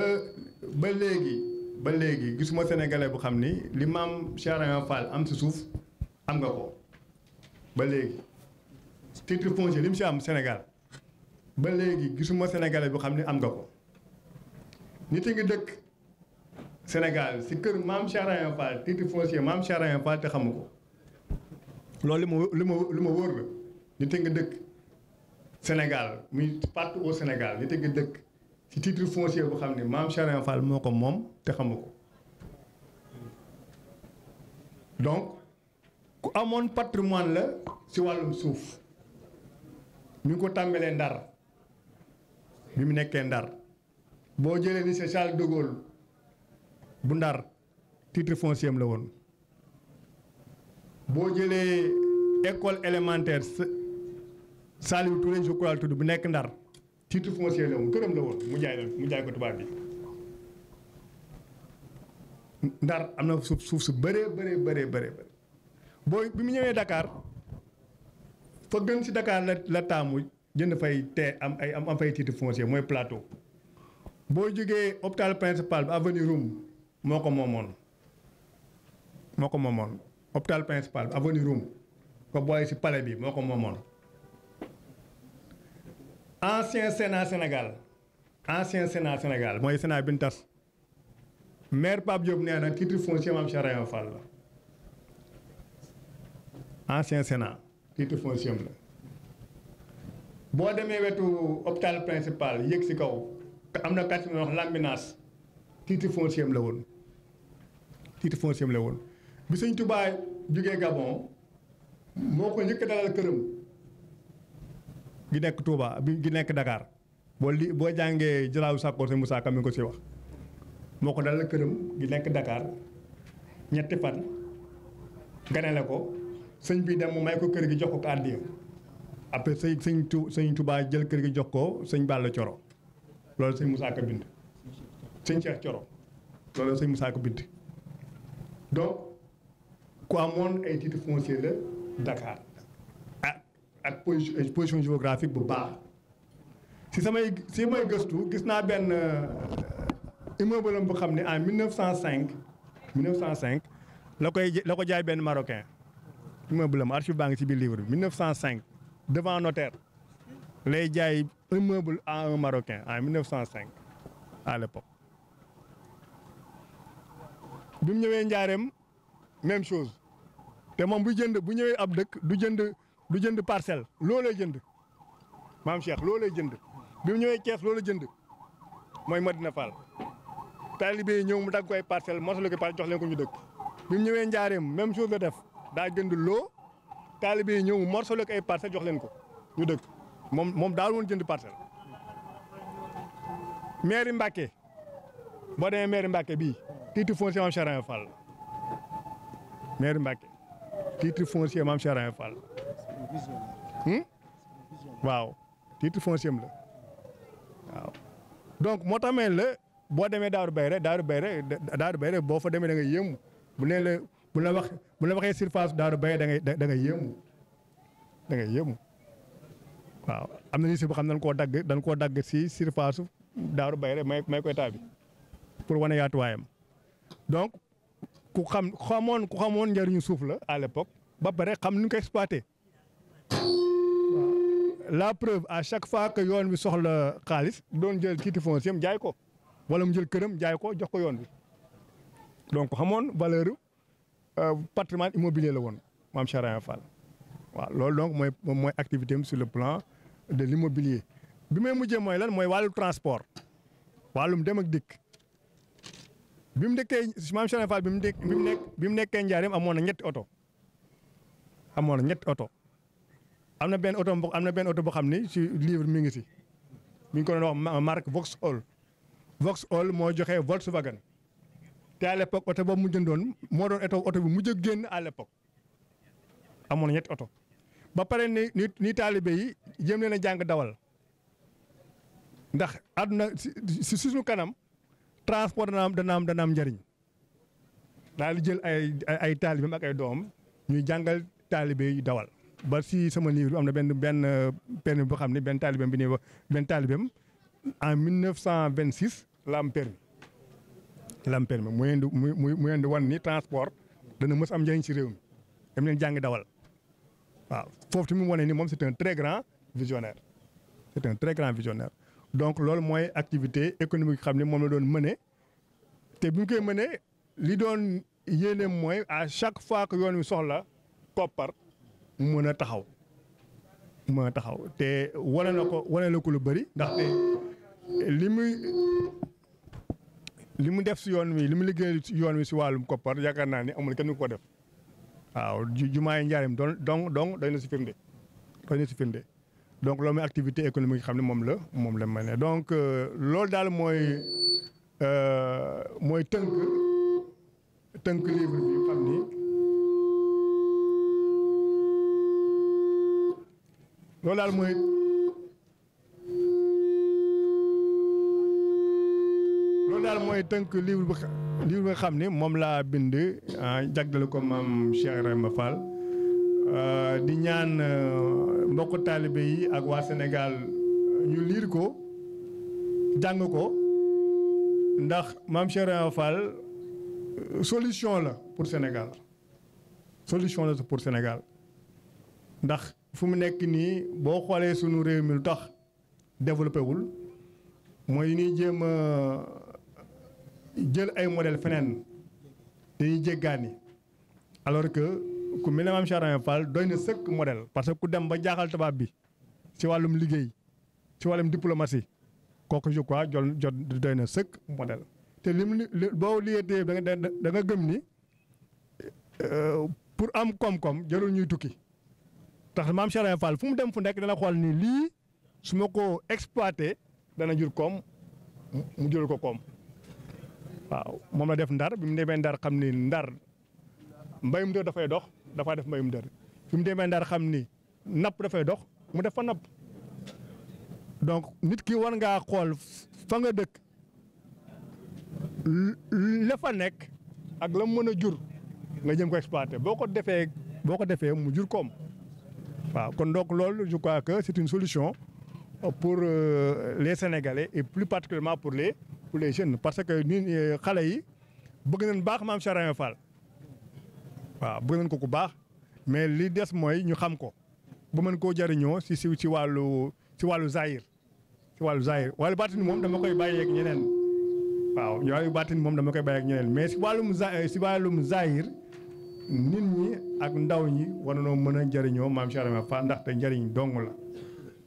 S5: ba léegi ba léegi gisuma sénégalais bu xam ni li maam Cheikh Ibrahima Fall am si suuf am nga ko ba léegi titre foncier li mu si am Sénégal ba léegi gisuma sénégalais bu xam ni am nga ko nit a ngi dëkk Sénégal si kër maam Charayen Fall titre foncier maam Charayen Fall te xamu ko loolu li ma li ma wóor la ñu tënk dëkk Sénégal muy partout au Sénégal ñu tënk dëkk si titre foncier bu xam ne maam Charayen Fall moo ko moom te xamu ko donc ku amoon patrimoine la si wàllum suuf ñu ngi ko tàmbalee ndar bi mu nekkee ndar boo jëlee ni c'est Charles de bu ndar titre foncier la woon boo jëlee école élémentaire Saliou Touré je crois tudd bu nekk ndar titre foncier la woon këram la woon mu jaay mu jaay ko tubaab bi. ndar am na suuf suuf su bëree bëree bëree bëree boo bi mu ñëwee Dakar foo gën si Dakar la la taamu jënd fay te am ay am fay titre foncier mooy plateau boo jógee hôpital principal bi avenue Roume. moo ko moomoon moo ko moomoon hôpital principal avenue Roume ko booyee ci palais bi moo ko moomoon ancien Sénat Sénégal ancien Sénat Sénégal mooy Sénat bi ñu tas maire Pape Diop nee na titre foncier Mame Cheikh Rayon Fall la ancien Sénat titre foncier boo demee wetu hôpital principal yëg ci kaw te am na kàcc mi wax Lambinaas la woon titre foncier am woon. bi sëñ tubaa jógee Gabon moo ko njëkk dalal këram gi nekk Touba bi gi nekk dakaar boo li boo jàngee Jalaaw Sakkoor sëñ Moussa Ka mi ko si wax moo ko dalal këram gi nekk dakaar ñetti fan gane ko sëñ bii dem mu may ko kër gi jox ko àddiya après sëñ sëñ tu sëñ tubaa jël kër gi jox ko sëñ Balla Coro loolu sëñ Moussa Ka bind sëñ Cheikh Coro loolu sëñ Moussa bind donc ku amoon ay titre foncier la Dakar ak ak position géographique bu baax si samay si may gëstu gis naa benn euh, immeuble am bu xam ne en 1905 1905 la koy la ko jaay benn marocain immeuble am archive baa ngi si biir livre bi 1905 devant notaire lay jaay immeuble à un en 1905 à l'époque bi mu ñëwee njaareem même chose te moom bu jënd bu ñëwee ab dëkk du jënd du jënd parcelle loolay jënd maam Cheikh loolay jënd bi mu ñëwee Thiès loolay jënd mooy Madina Fall. taalibe yi ñëw mu dagg ko ay parcelle motali ko par jox ko ñu dëkk bi mu ñëwee njaareem même chose def daa jënd loo taalibe yi ñëw mu morcelé ko ay parcelle jox leen ko ñu dëkk moom moom daal woon jënd parcelle. mairie Mbacke boo demee mairie Mbacke bii. titre foncier maam Cheikh Ibra Fall maire Mbacke titre foncier maam Cheikh Ibra Fall. Hmm? waaw titre foncier la waaw. donc moo tax la boo demee Daaru Bayre Daaru Bayre Daaru Bayre boo fa demee da nga yéemu bu ne la bu la wax bu la waxee surface Daaru Bayre da ngay da ngay yéemu da ngay yéemu waaw am na ñu si boo xam ne dañ ko dagg dañ koo dagg si surface Daaru Bayre may may koy bi pour wane yaatuwaayam. donc ku xam xamoon ku xamoon njariñu suuf la à l'époque ba pare xam nu ñu ko exploité la preuve à chaque fois que yoon bi soxla xaalis doon jël titre foncier am jaay ko wala mu jël këram jaay ko jox ko yoon bi donc xamoon valeur euh, patrimoine immobilier la woon maam Charayan Fall waaw loolu donc mooy mooy activité am sur le plan de l'immobilier bi may mujjee mooy lan mooy wàllu transport wàllum dem ak dikk bi mu dëkkee maam Cheikh bi mu dëkk bi mu nekkee Njaareem amoon na ñetti oto amoon na ñetti oto am na benn oto am na benn oto boo xam ni si livre mi ngi si mi ngi ko doon wax marque Vauxhall Vauxhall moo joxe Volkswagen te à l'époque oto boobu mu jëndoon moo doon oto oto bi mujj a génn à l'époque amoon na ñetti oto ba pare ni ni ni taalibe yi jéem leen a jàng dawal ndax àdduna si si suñu kanam. transport dana am dana am dana am njëriñ daal di jël ay ay taalibeem ak ay doomam ñuy jàngal taalibe yi dawal. ba si sama livre am na benn benn permis boo xam ne benn taalibeem bi ñuy wax benn taalibeem en 1926 la am permis la am permis mu leen di mu mu leen di wan ni transport dana mës am njëriñ si réew mi dam leen jàngi dawal waaw foofu tamit mu wane ni moom c'est un très grand visionnaire c'est un très visionnaire. donc loolu mooy activité économique xam ne moom la doon mëne te bu ñu koy mënee li doon yéene mooy à chaque fois que yoon wi soxla koppar mën a taxaw mën a taxaw te wane na ko wane na ko lu bëri ndaxte li muy li mu def si yoon wi li mu liggéey si yoon wi si wàllum koppar yaakaar naa ni amul kenn ku ko def waaw jumaay njaarim donc donc doy na si firnde doy na si firnde donc loolu mooy activité économique yi xam ne moom la moom la mel ne donc euh, loolu daal mooy euh, mooy tënk tënk livre bi xam ni loolu daal mooy. loolu daal mooy tënk livre bi xam ni moom laa bind ah jagleel ko maam Cheikh Ibrahima Fall. Euh, di ñaan euh, mbokk taalibe yi ak waa Sénégal euh, ñu liir ko jàng ko ndax maam Cheikh Fall solution la pour Sénégal solution la pour Sénégal ndax fu mu nekk nii boo xoolee sunu réew mi lu tax développé wul mooy ñuy jéem a jël ay modèle feneen dañuy jéggaani alors que. ku mel ne maam Cheikh Ibrahima doy na sëkk modèle parce que ku dem ba jaaxal tubaab bi ci wàllum liggéey ci wàllum diplomatie kooku je crois jol jot doy na sëkk modèle te lim li boo liggéey da nga da nga gëm ni euh, pour am koom-koom ñuy tukki tax maam Cheikh Ibrahima fu mu dem fu nekk dana xool ni lii su ma ko exploité dana jur koom mu jël ko koom waaw moom la def ndar bi mu demee ndar xam ni ndar mu dër dafay dox. dafaa def mbayum dër fu mu demee ndar xam ni napp dafay dox mu def fa napp donc nit ki war ngaa xool fa nga dëkk la fa nekk ak la mën a jur nga jëm ko exploité boo ko defee boo ko defee mu jur koom waaw kon donc loolu je crois que c'est une solution pour euh, les Sénégalais et plus particulièrement pour les pour les jeunes parce que ñun euh, xale yi bëgg nañ baax maam Cheikh Ibra waaw bëgg nañ ko ku baax mais li des mooy ñu xam ko ba mën koo jëriñoo si si si wàllu si wàllu saayir si wàllu zahir wàllu baatin moom dama koy bàyyeeg ñeneen waaw wàllu baatin moom dama koy bàyyeeg ñeneen mais si wàllu za si wàllum zahir nit ñi ak ndaw ñi war nañoo mën a jëriñoo maam Cheikh Ibrahima ndaxte njëriñ dong la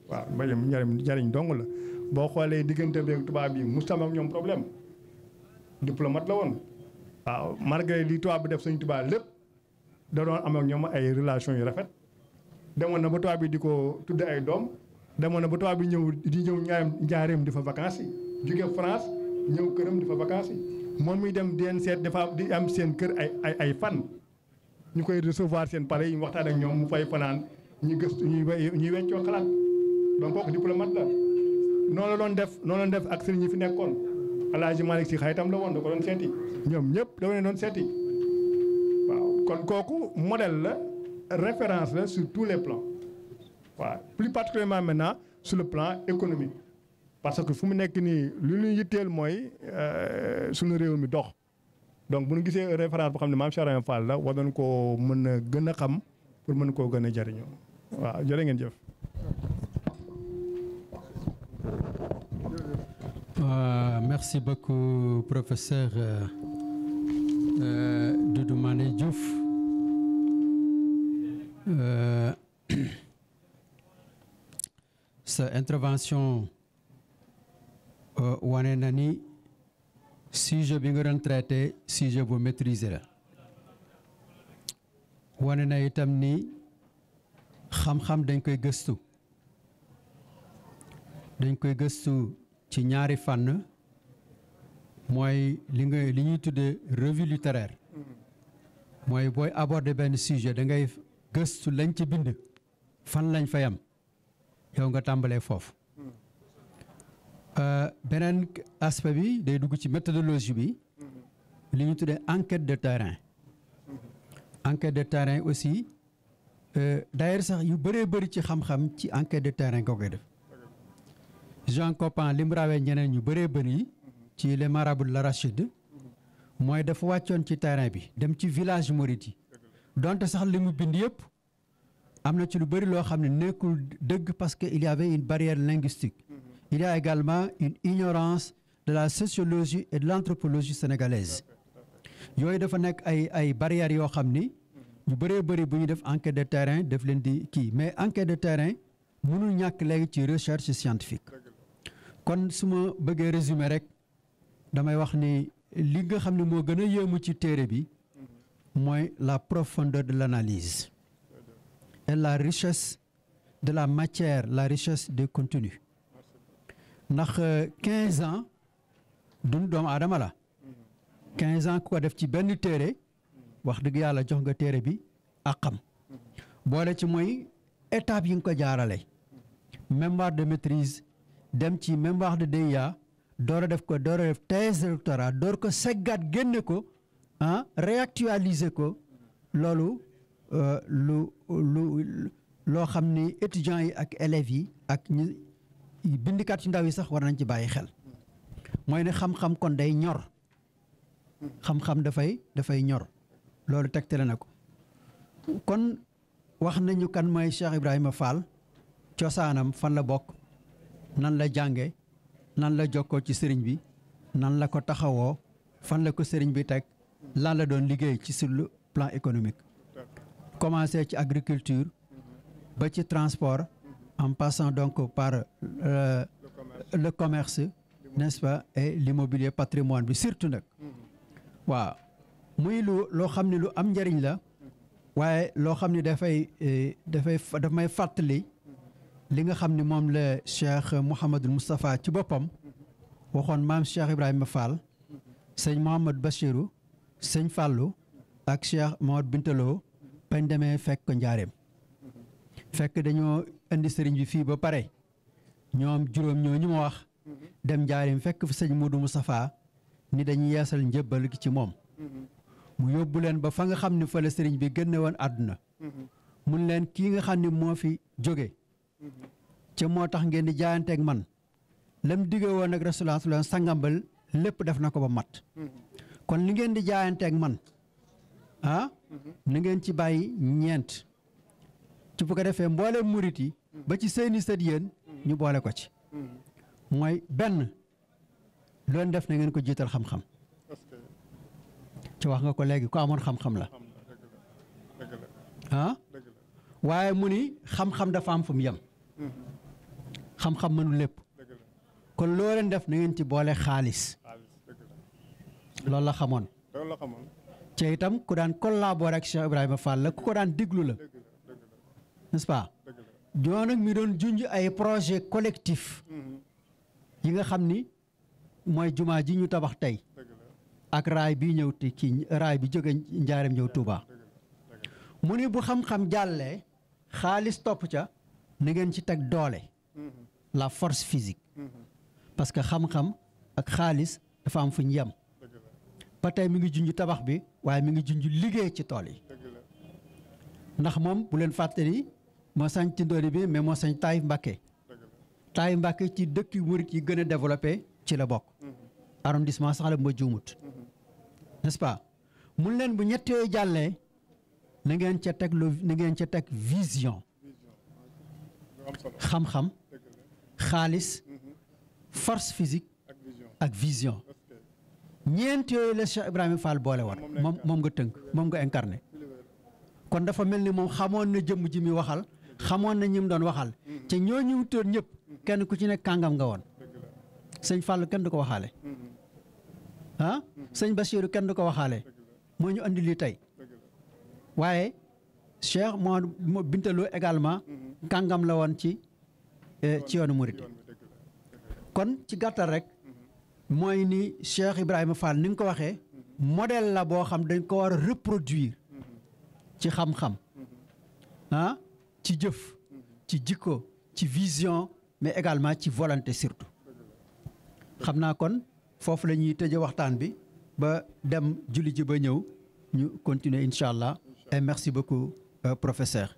S5: waaw mbéyum jariñ dong la boo xoolee diggante beeg tubaab yi Moussa ak ñoom problème diplomate la woon. waaw malgré li tubaab bi def suñ tubaab lépp. da doon am ak ñoom ay relation yu rafet demoon na ba tubaab bi di ko tudde ay doom demoon na ba tubaab ñëw di ñëw ñaar njaareem di fa vacances yi jóge France ñëw këram di fa vacances moom muy dem di leen seet dafa di am seen kër ay ay ay fan ñu koy recevoir seen pare yi waxtaan ak ñoom mu fay fanaan ñu gës ñuy ñuy weccoo xalaat donc kooku diplomate la noonu la doon def noonu la def ak sëriñ ñi fi nekkoon El Hadj Malick si xaritam la woon da ko doon seeti ñoom ñëpp da ko seeti. kon kooku modèle la référence la sur tous les plans waaw plus particulièrement maintenant sur le plan économique parce que fu mu nekk nii lu ñu yitteel mooy euh, suñu réew mi dox donc bu ñu gisee référence boo xam ne maam Chara Fall la war nañ koo mën a gën a xam pour mën koo gën a jariñoo waa jërë ngeen jëf.
S4: Euh, merci beaucoup professeur. Euh, Euh, Doudou Mané Diouf euh, sa intervention euh, wane na ni sujet bi nga doon traité sujet bu maîtrisé la wane na itam ni xam-xam dañ koy gëstu dañ koy gëstu ci ñaari fànn mooy li nga li ñuy tuddee revue littéraire mooy booy aborder benn sujet da ngay gëstu lañ ci bind fan lañ fay am yow nga tàmbalee foofu euh, beneen aspect bi day dugg ci méthodologie bi li ñu tuddee enquête de terrain enquête de terrain aussi euh, d'ailleurs sax yu bëree bëri ci xam-xam ci enquête de terrain ko koy def Jean Copin li mu ñeneen ñu bëree bëri ci les la de l'arachide mooy dafa wàccoon ci terrain bi dem ci village mouride donte sax li mu bind yëpp am na ci lu bëri loo xam ne nekkul dëgg parce que il y une barrière linguistique il y a également une ignorance de la sociologie et de l'anthropologie sénégalaise yooyu dafa nekk ay ay barrières yoo xam ni ñu bëree bëri bu ñu def enquête de terrain def leen di kii mais enquête de terrain mënul ñàkk léegi ci recherche scientifique kon su ma bëggee résumer rek damay wax ni li nga xam ne moo gën a yéemu ci téere bi mooy la profondeur de l'analyse et la richesse de la matière la richesse de contenus ndax 15 euh, ans dund doomu aadama la 15 ans ku ko def ci benn téere wax dëgg yàlla jox nga téere bi àqam boole ci mooy étape yi nga ko jaarale mémoire de maîtrise dem ci mémoire de DEA door a def ko door a def thèse door ko seggaat génne ko ah réactualiser ko loolu euh, lu lu loo xam ni étudiants yi ak élèves yi ak ñi bindikaat ci ndaw yi sax war nañ ci bàyyi xel mooy ne xam-xam kon day ñor xam-xam dafay dafay ñor loolu tegtale na ko kon wax nañu kan mooy Cheikh Ibrahima Fall cosaanam fan la bokk nan la jànge nan la jokkoo ci sëriñ bi nan la ko taxawoo fan la ko sëriñ bi teg lan la doon liggéey ci sur le plan économique commencé ci agriculture ba ci transport en passant donc par euh, le commerce n'est-ce pas et l'immobilier patrimoine bi surtout nag waaw muy lu loo xam ne lu am njëriñ la waaye loo xam ne dafay euh, dafay daf may fàttali li nga xam ne moom la cheikh Mouhamadul mustafaa ci boppam waxoon maam cheikh Ibrahima Fall sëñ Mouhamad Bachirou sëñ Fallou ak cheikh Mouhamad Bintaloo bañ demee fekk ko njaareem fekk dañoo indi sëriñ bi fii ba pare ñoom juróom ñoo ñu ma wax dem njaareem fekk fi sëñ Modou Moustapha ni dañuy yeesal njëbbal ci moom mu yóbbu leen ba fa nga xam ne fa la sëriñ bi génne woon àdduna mm-hmm. mun leen kii nga xam ne moo fi jóge ca moo tax ngeen di jaayanteeg man lem dige woon nag rasulullah sallallahu sangambal lépp def na ko ba mat kon li ngeen di jaayanteeg man ah na ngeen ci bàyyi ñeent ci bu ko defee mbooleem murit ba ci seeni sët yéen ñu boole ko ci mooy benn loolu def na ngeen ko jiital xam-xam ci wax nga ko léegi ku amoon xam-xam ah? la waaye mu ni xam-xam dafa am fu mu xam-xam mënu lépp kon loo leen def na ngeen ci boole xaalis loolu la xamoon ci ku daan collaborer ak Cheikh Ibrahima Fall la ku ko daan déglu la n'est-ce pas mi doon junj ay projet collectif yi nga xam ni mooy jumaa ji ñu tabax tey ak raay bi ñëw ti raay bi jóge njaareem ñëw Touba mu ni bu xam-xam jàllee xaalis topp ca nangeen ci teg doole mm-hmm. la force physique mm-hmm. parce que xam-xam ak xaalis dafa am fu ñu yem ba tey mi ngi junj tabax bi waaye mi ngi junj liggéey ci tool yi ndax moom bu leen fàttali moo sañ ci bi mais moo sañ Taïf Mbacké Taïf Mbacké ci dëkk yu murit yi gën a développé ci la bokk mm-hmm. arrondissement sax la ma juumut nest pas mun leen bu ñett yooyu jàllee na ngeen ca teg lu na ngeen ca teg vision xam-xam xaalis force physique ak vision ñeent yooyu la Cheikh Ibrahima boole woon moom moom nga tënk moom nga incarné kon dafa mel ni moom xamoon na jëmm ji mi waxal xamoon na ñi doon waxal te ñoo wutoon ñëpp kenn ku ci nekk kàngam nga woon sëñ Fall kenn du ko waxaale ah? sëñ Bassirou kenn du ko waxaale moo ñu andi lii tey waaye Cheikh moo bintalo également mm-hmm. kàngam la woon ci eh, ci yoonu murit kon ci gàttal rek mm-hmm. mooy ni Cheikh Ibrahima Fall ni nga ko waxee mm-hmm. modèle la boo xam dañ ko war a reproduire mm-hmm. ci xam-xam ah ci jëf ci jikko ci vision mais également ci volante surtout xam naa kon foofu la ñuy tëje waxtaan bi ba dem julli ji ba ñëw ñu continuer incha allah et merci beaucoup euh, professeur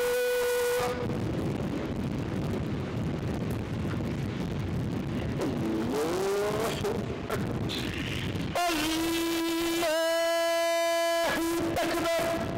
S7: الله أكبر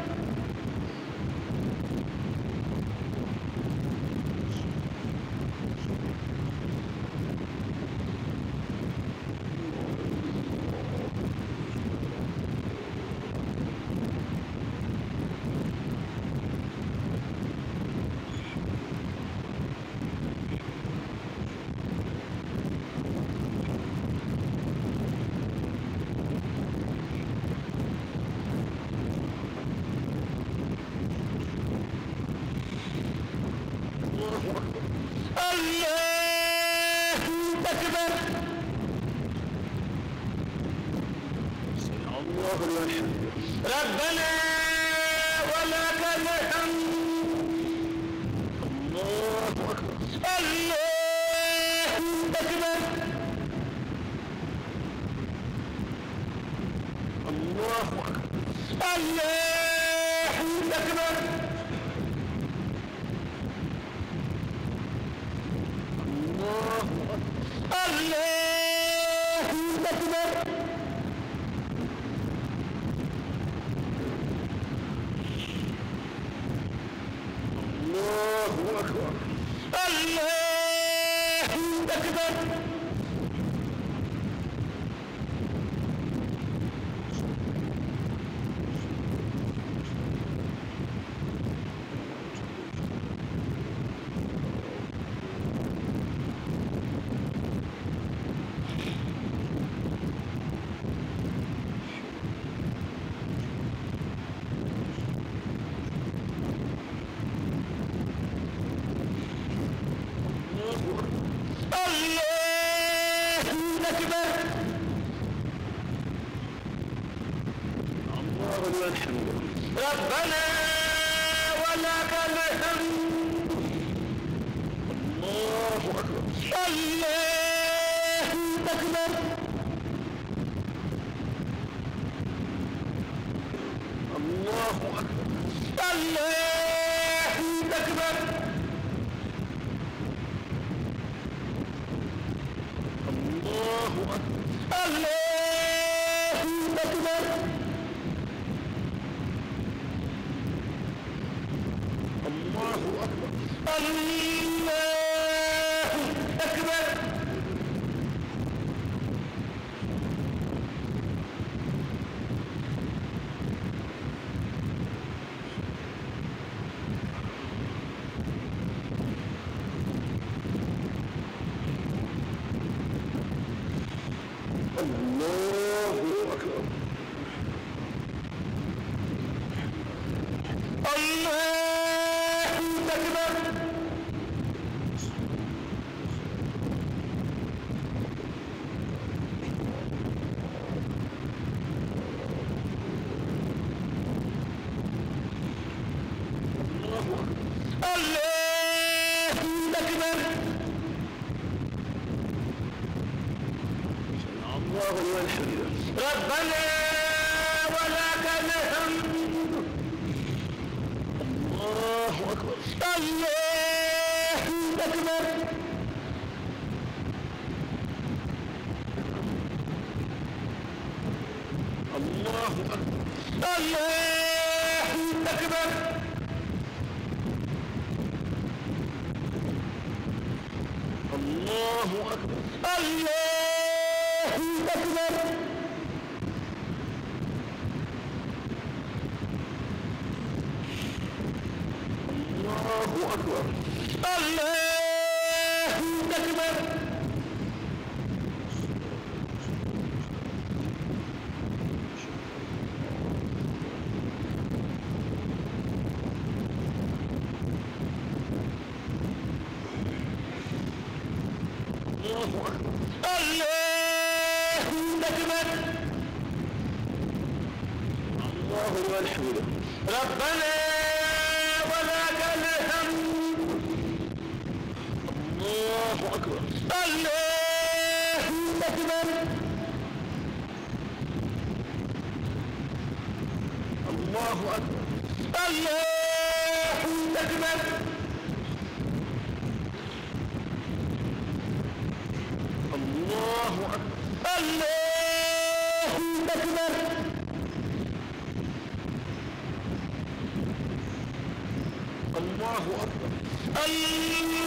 S7: ربنا أكبر الله أكبر الله أكبر الله والحمد ربنا allahu akbar allahu akbar allahu akbar allahu akbar الله أكبر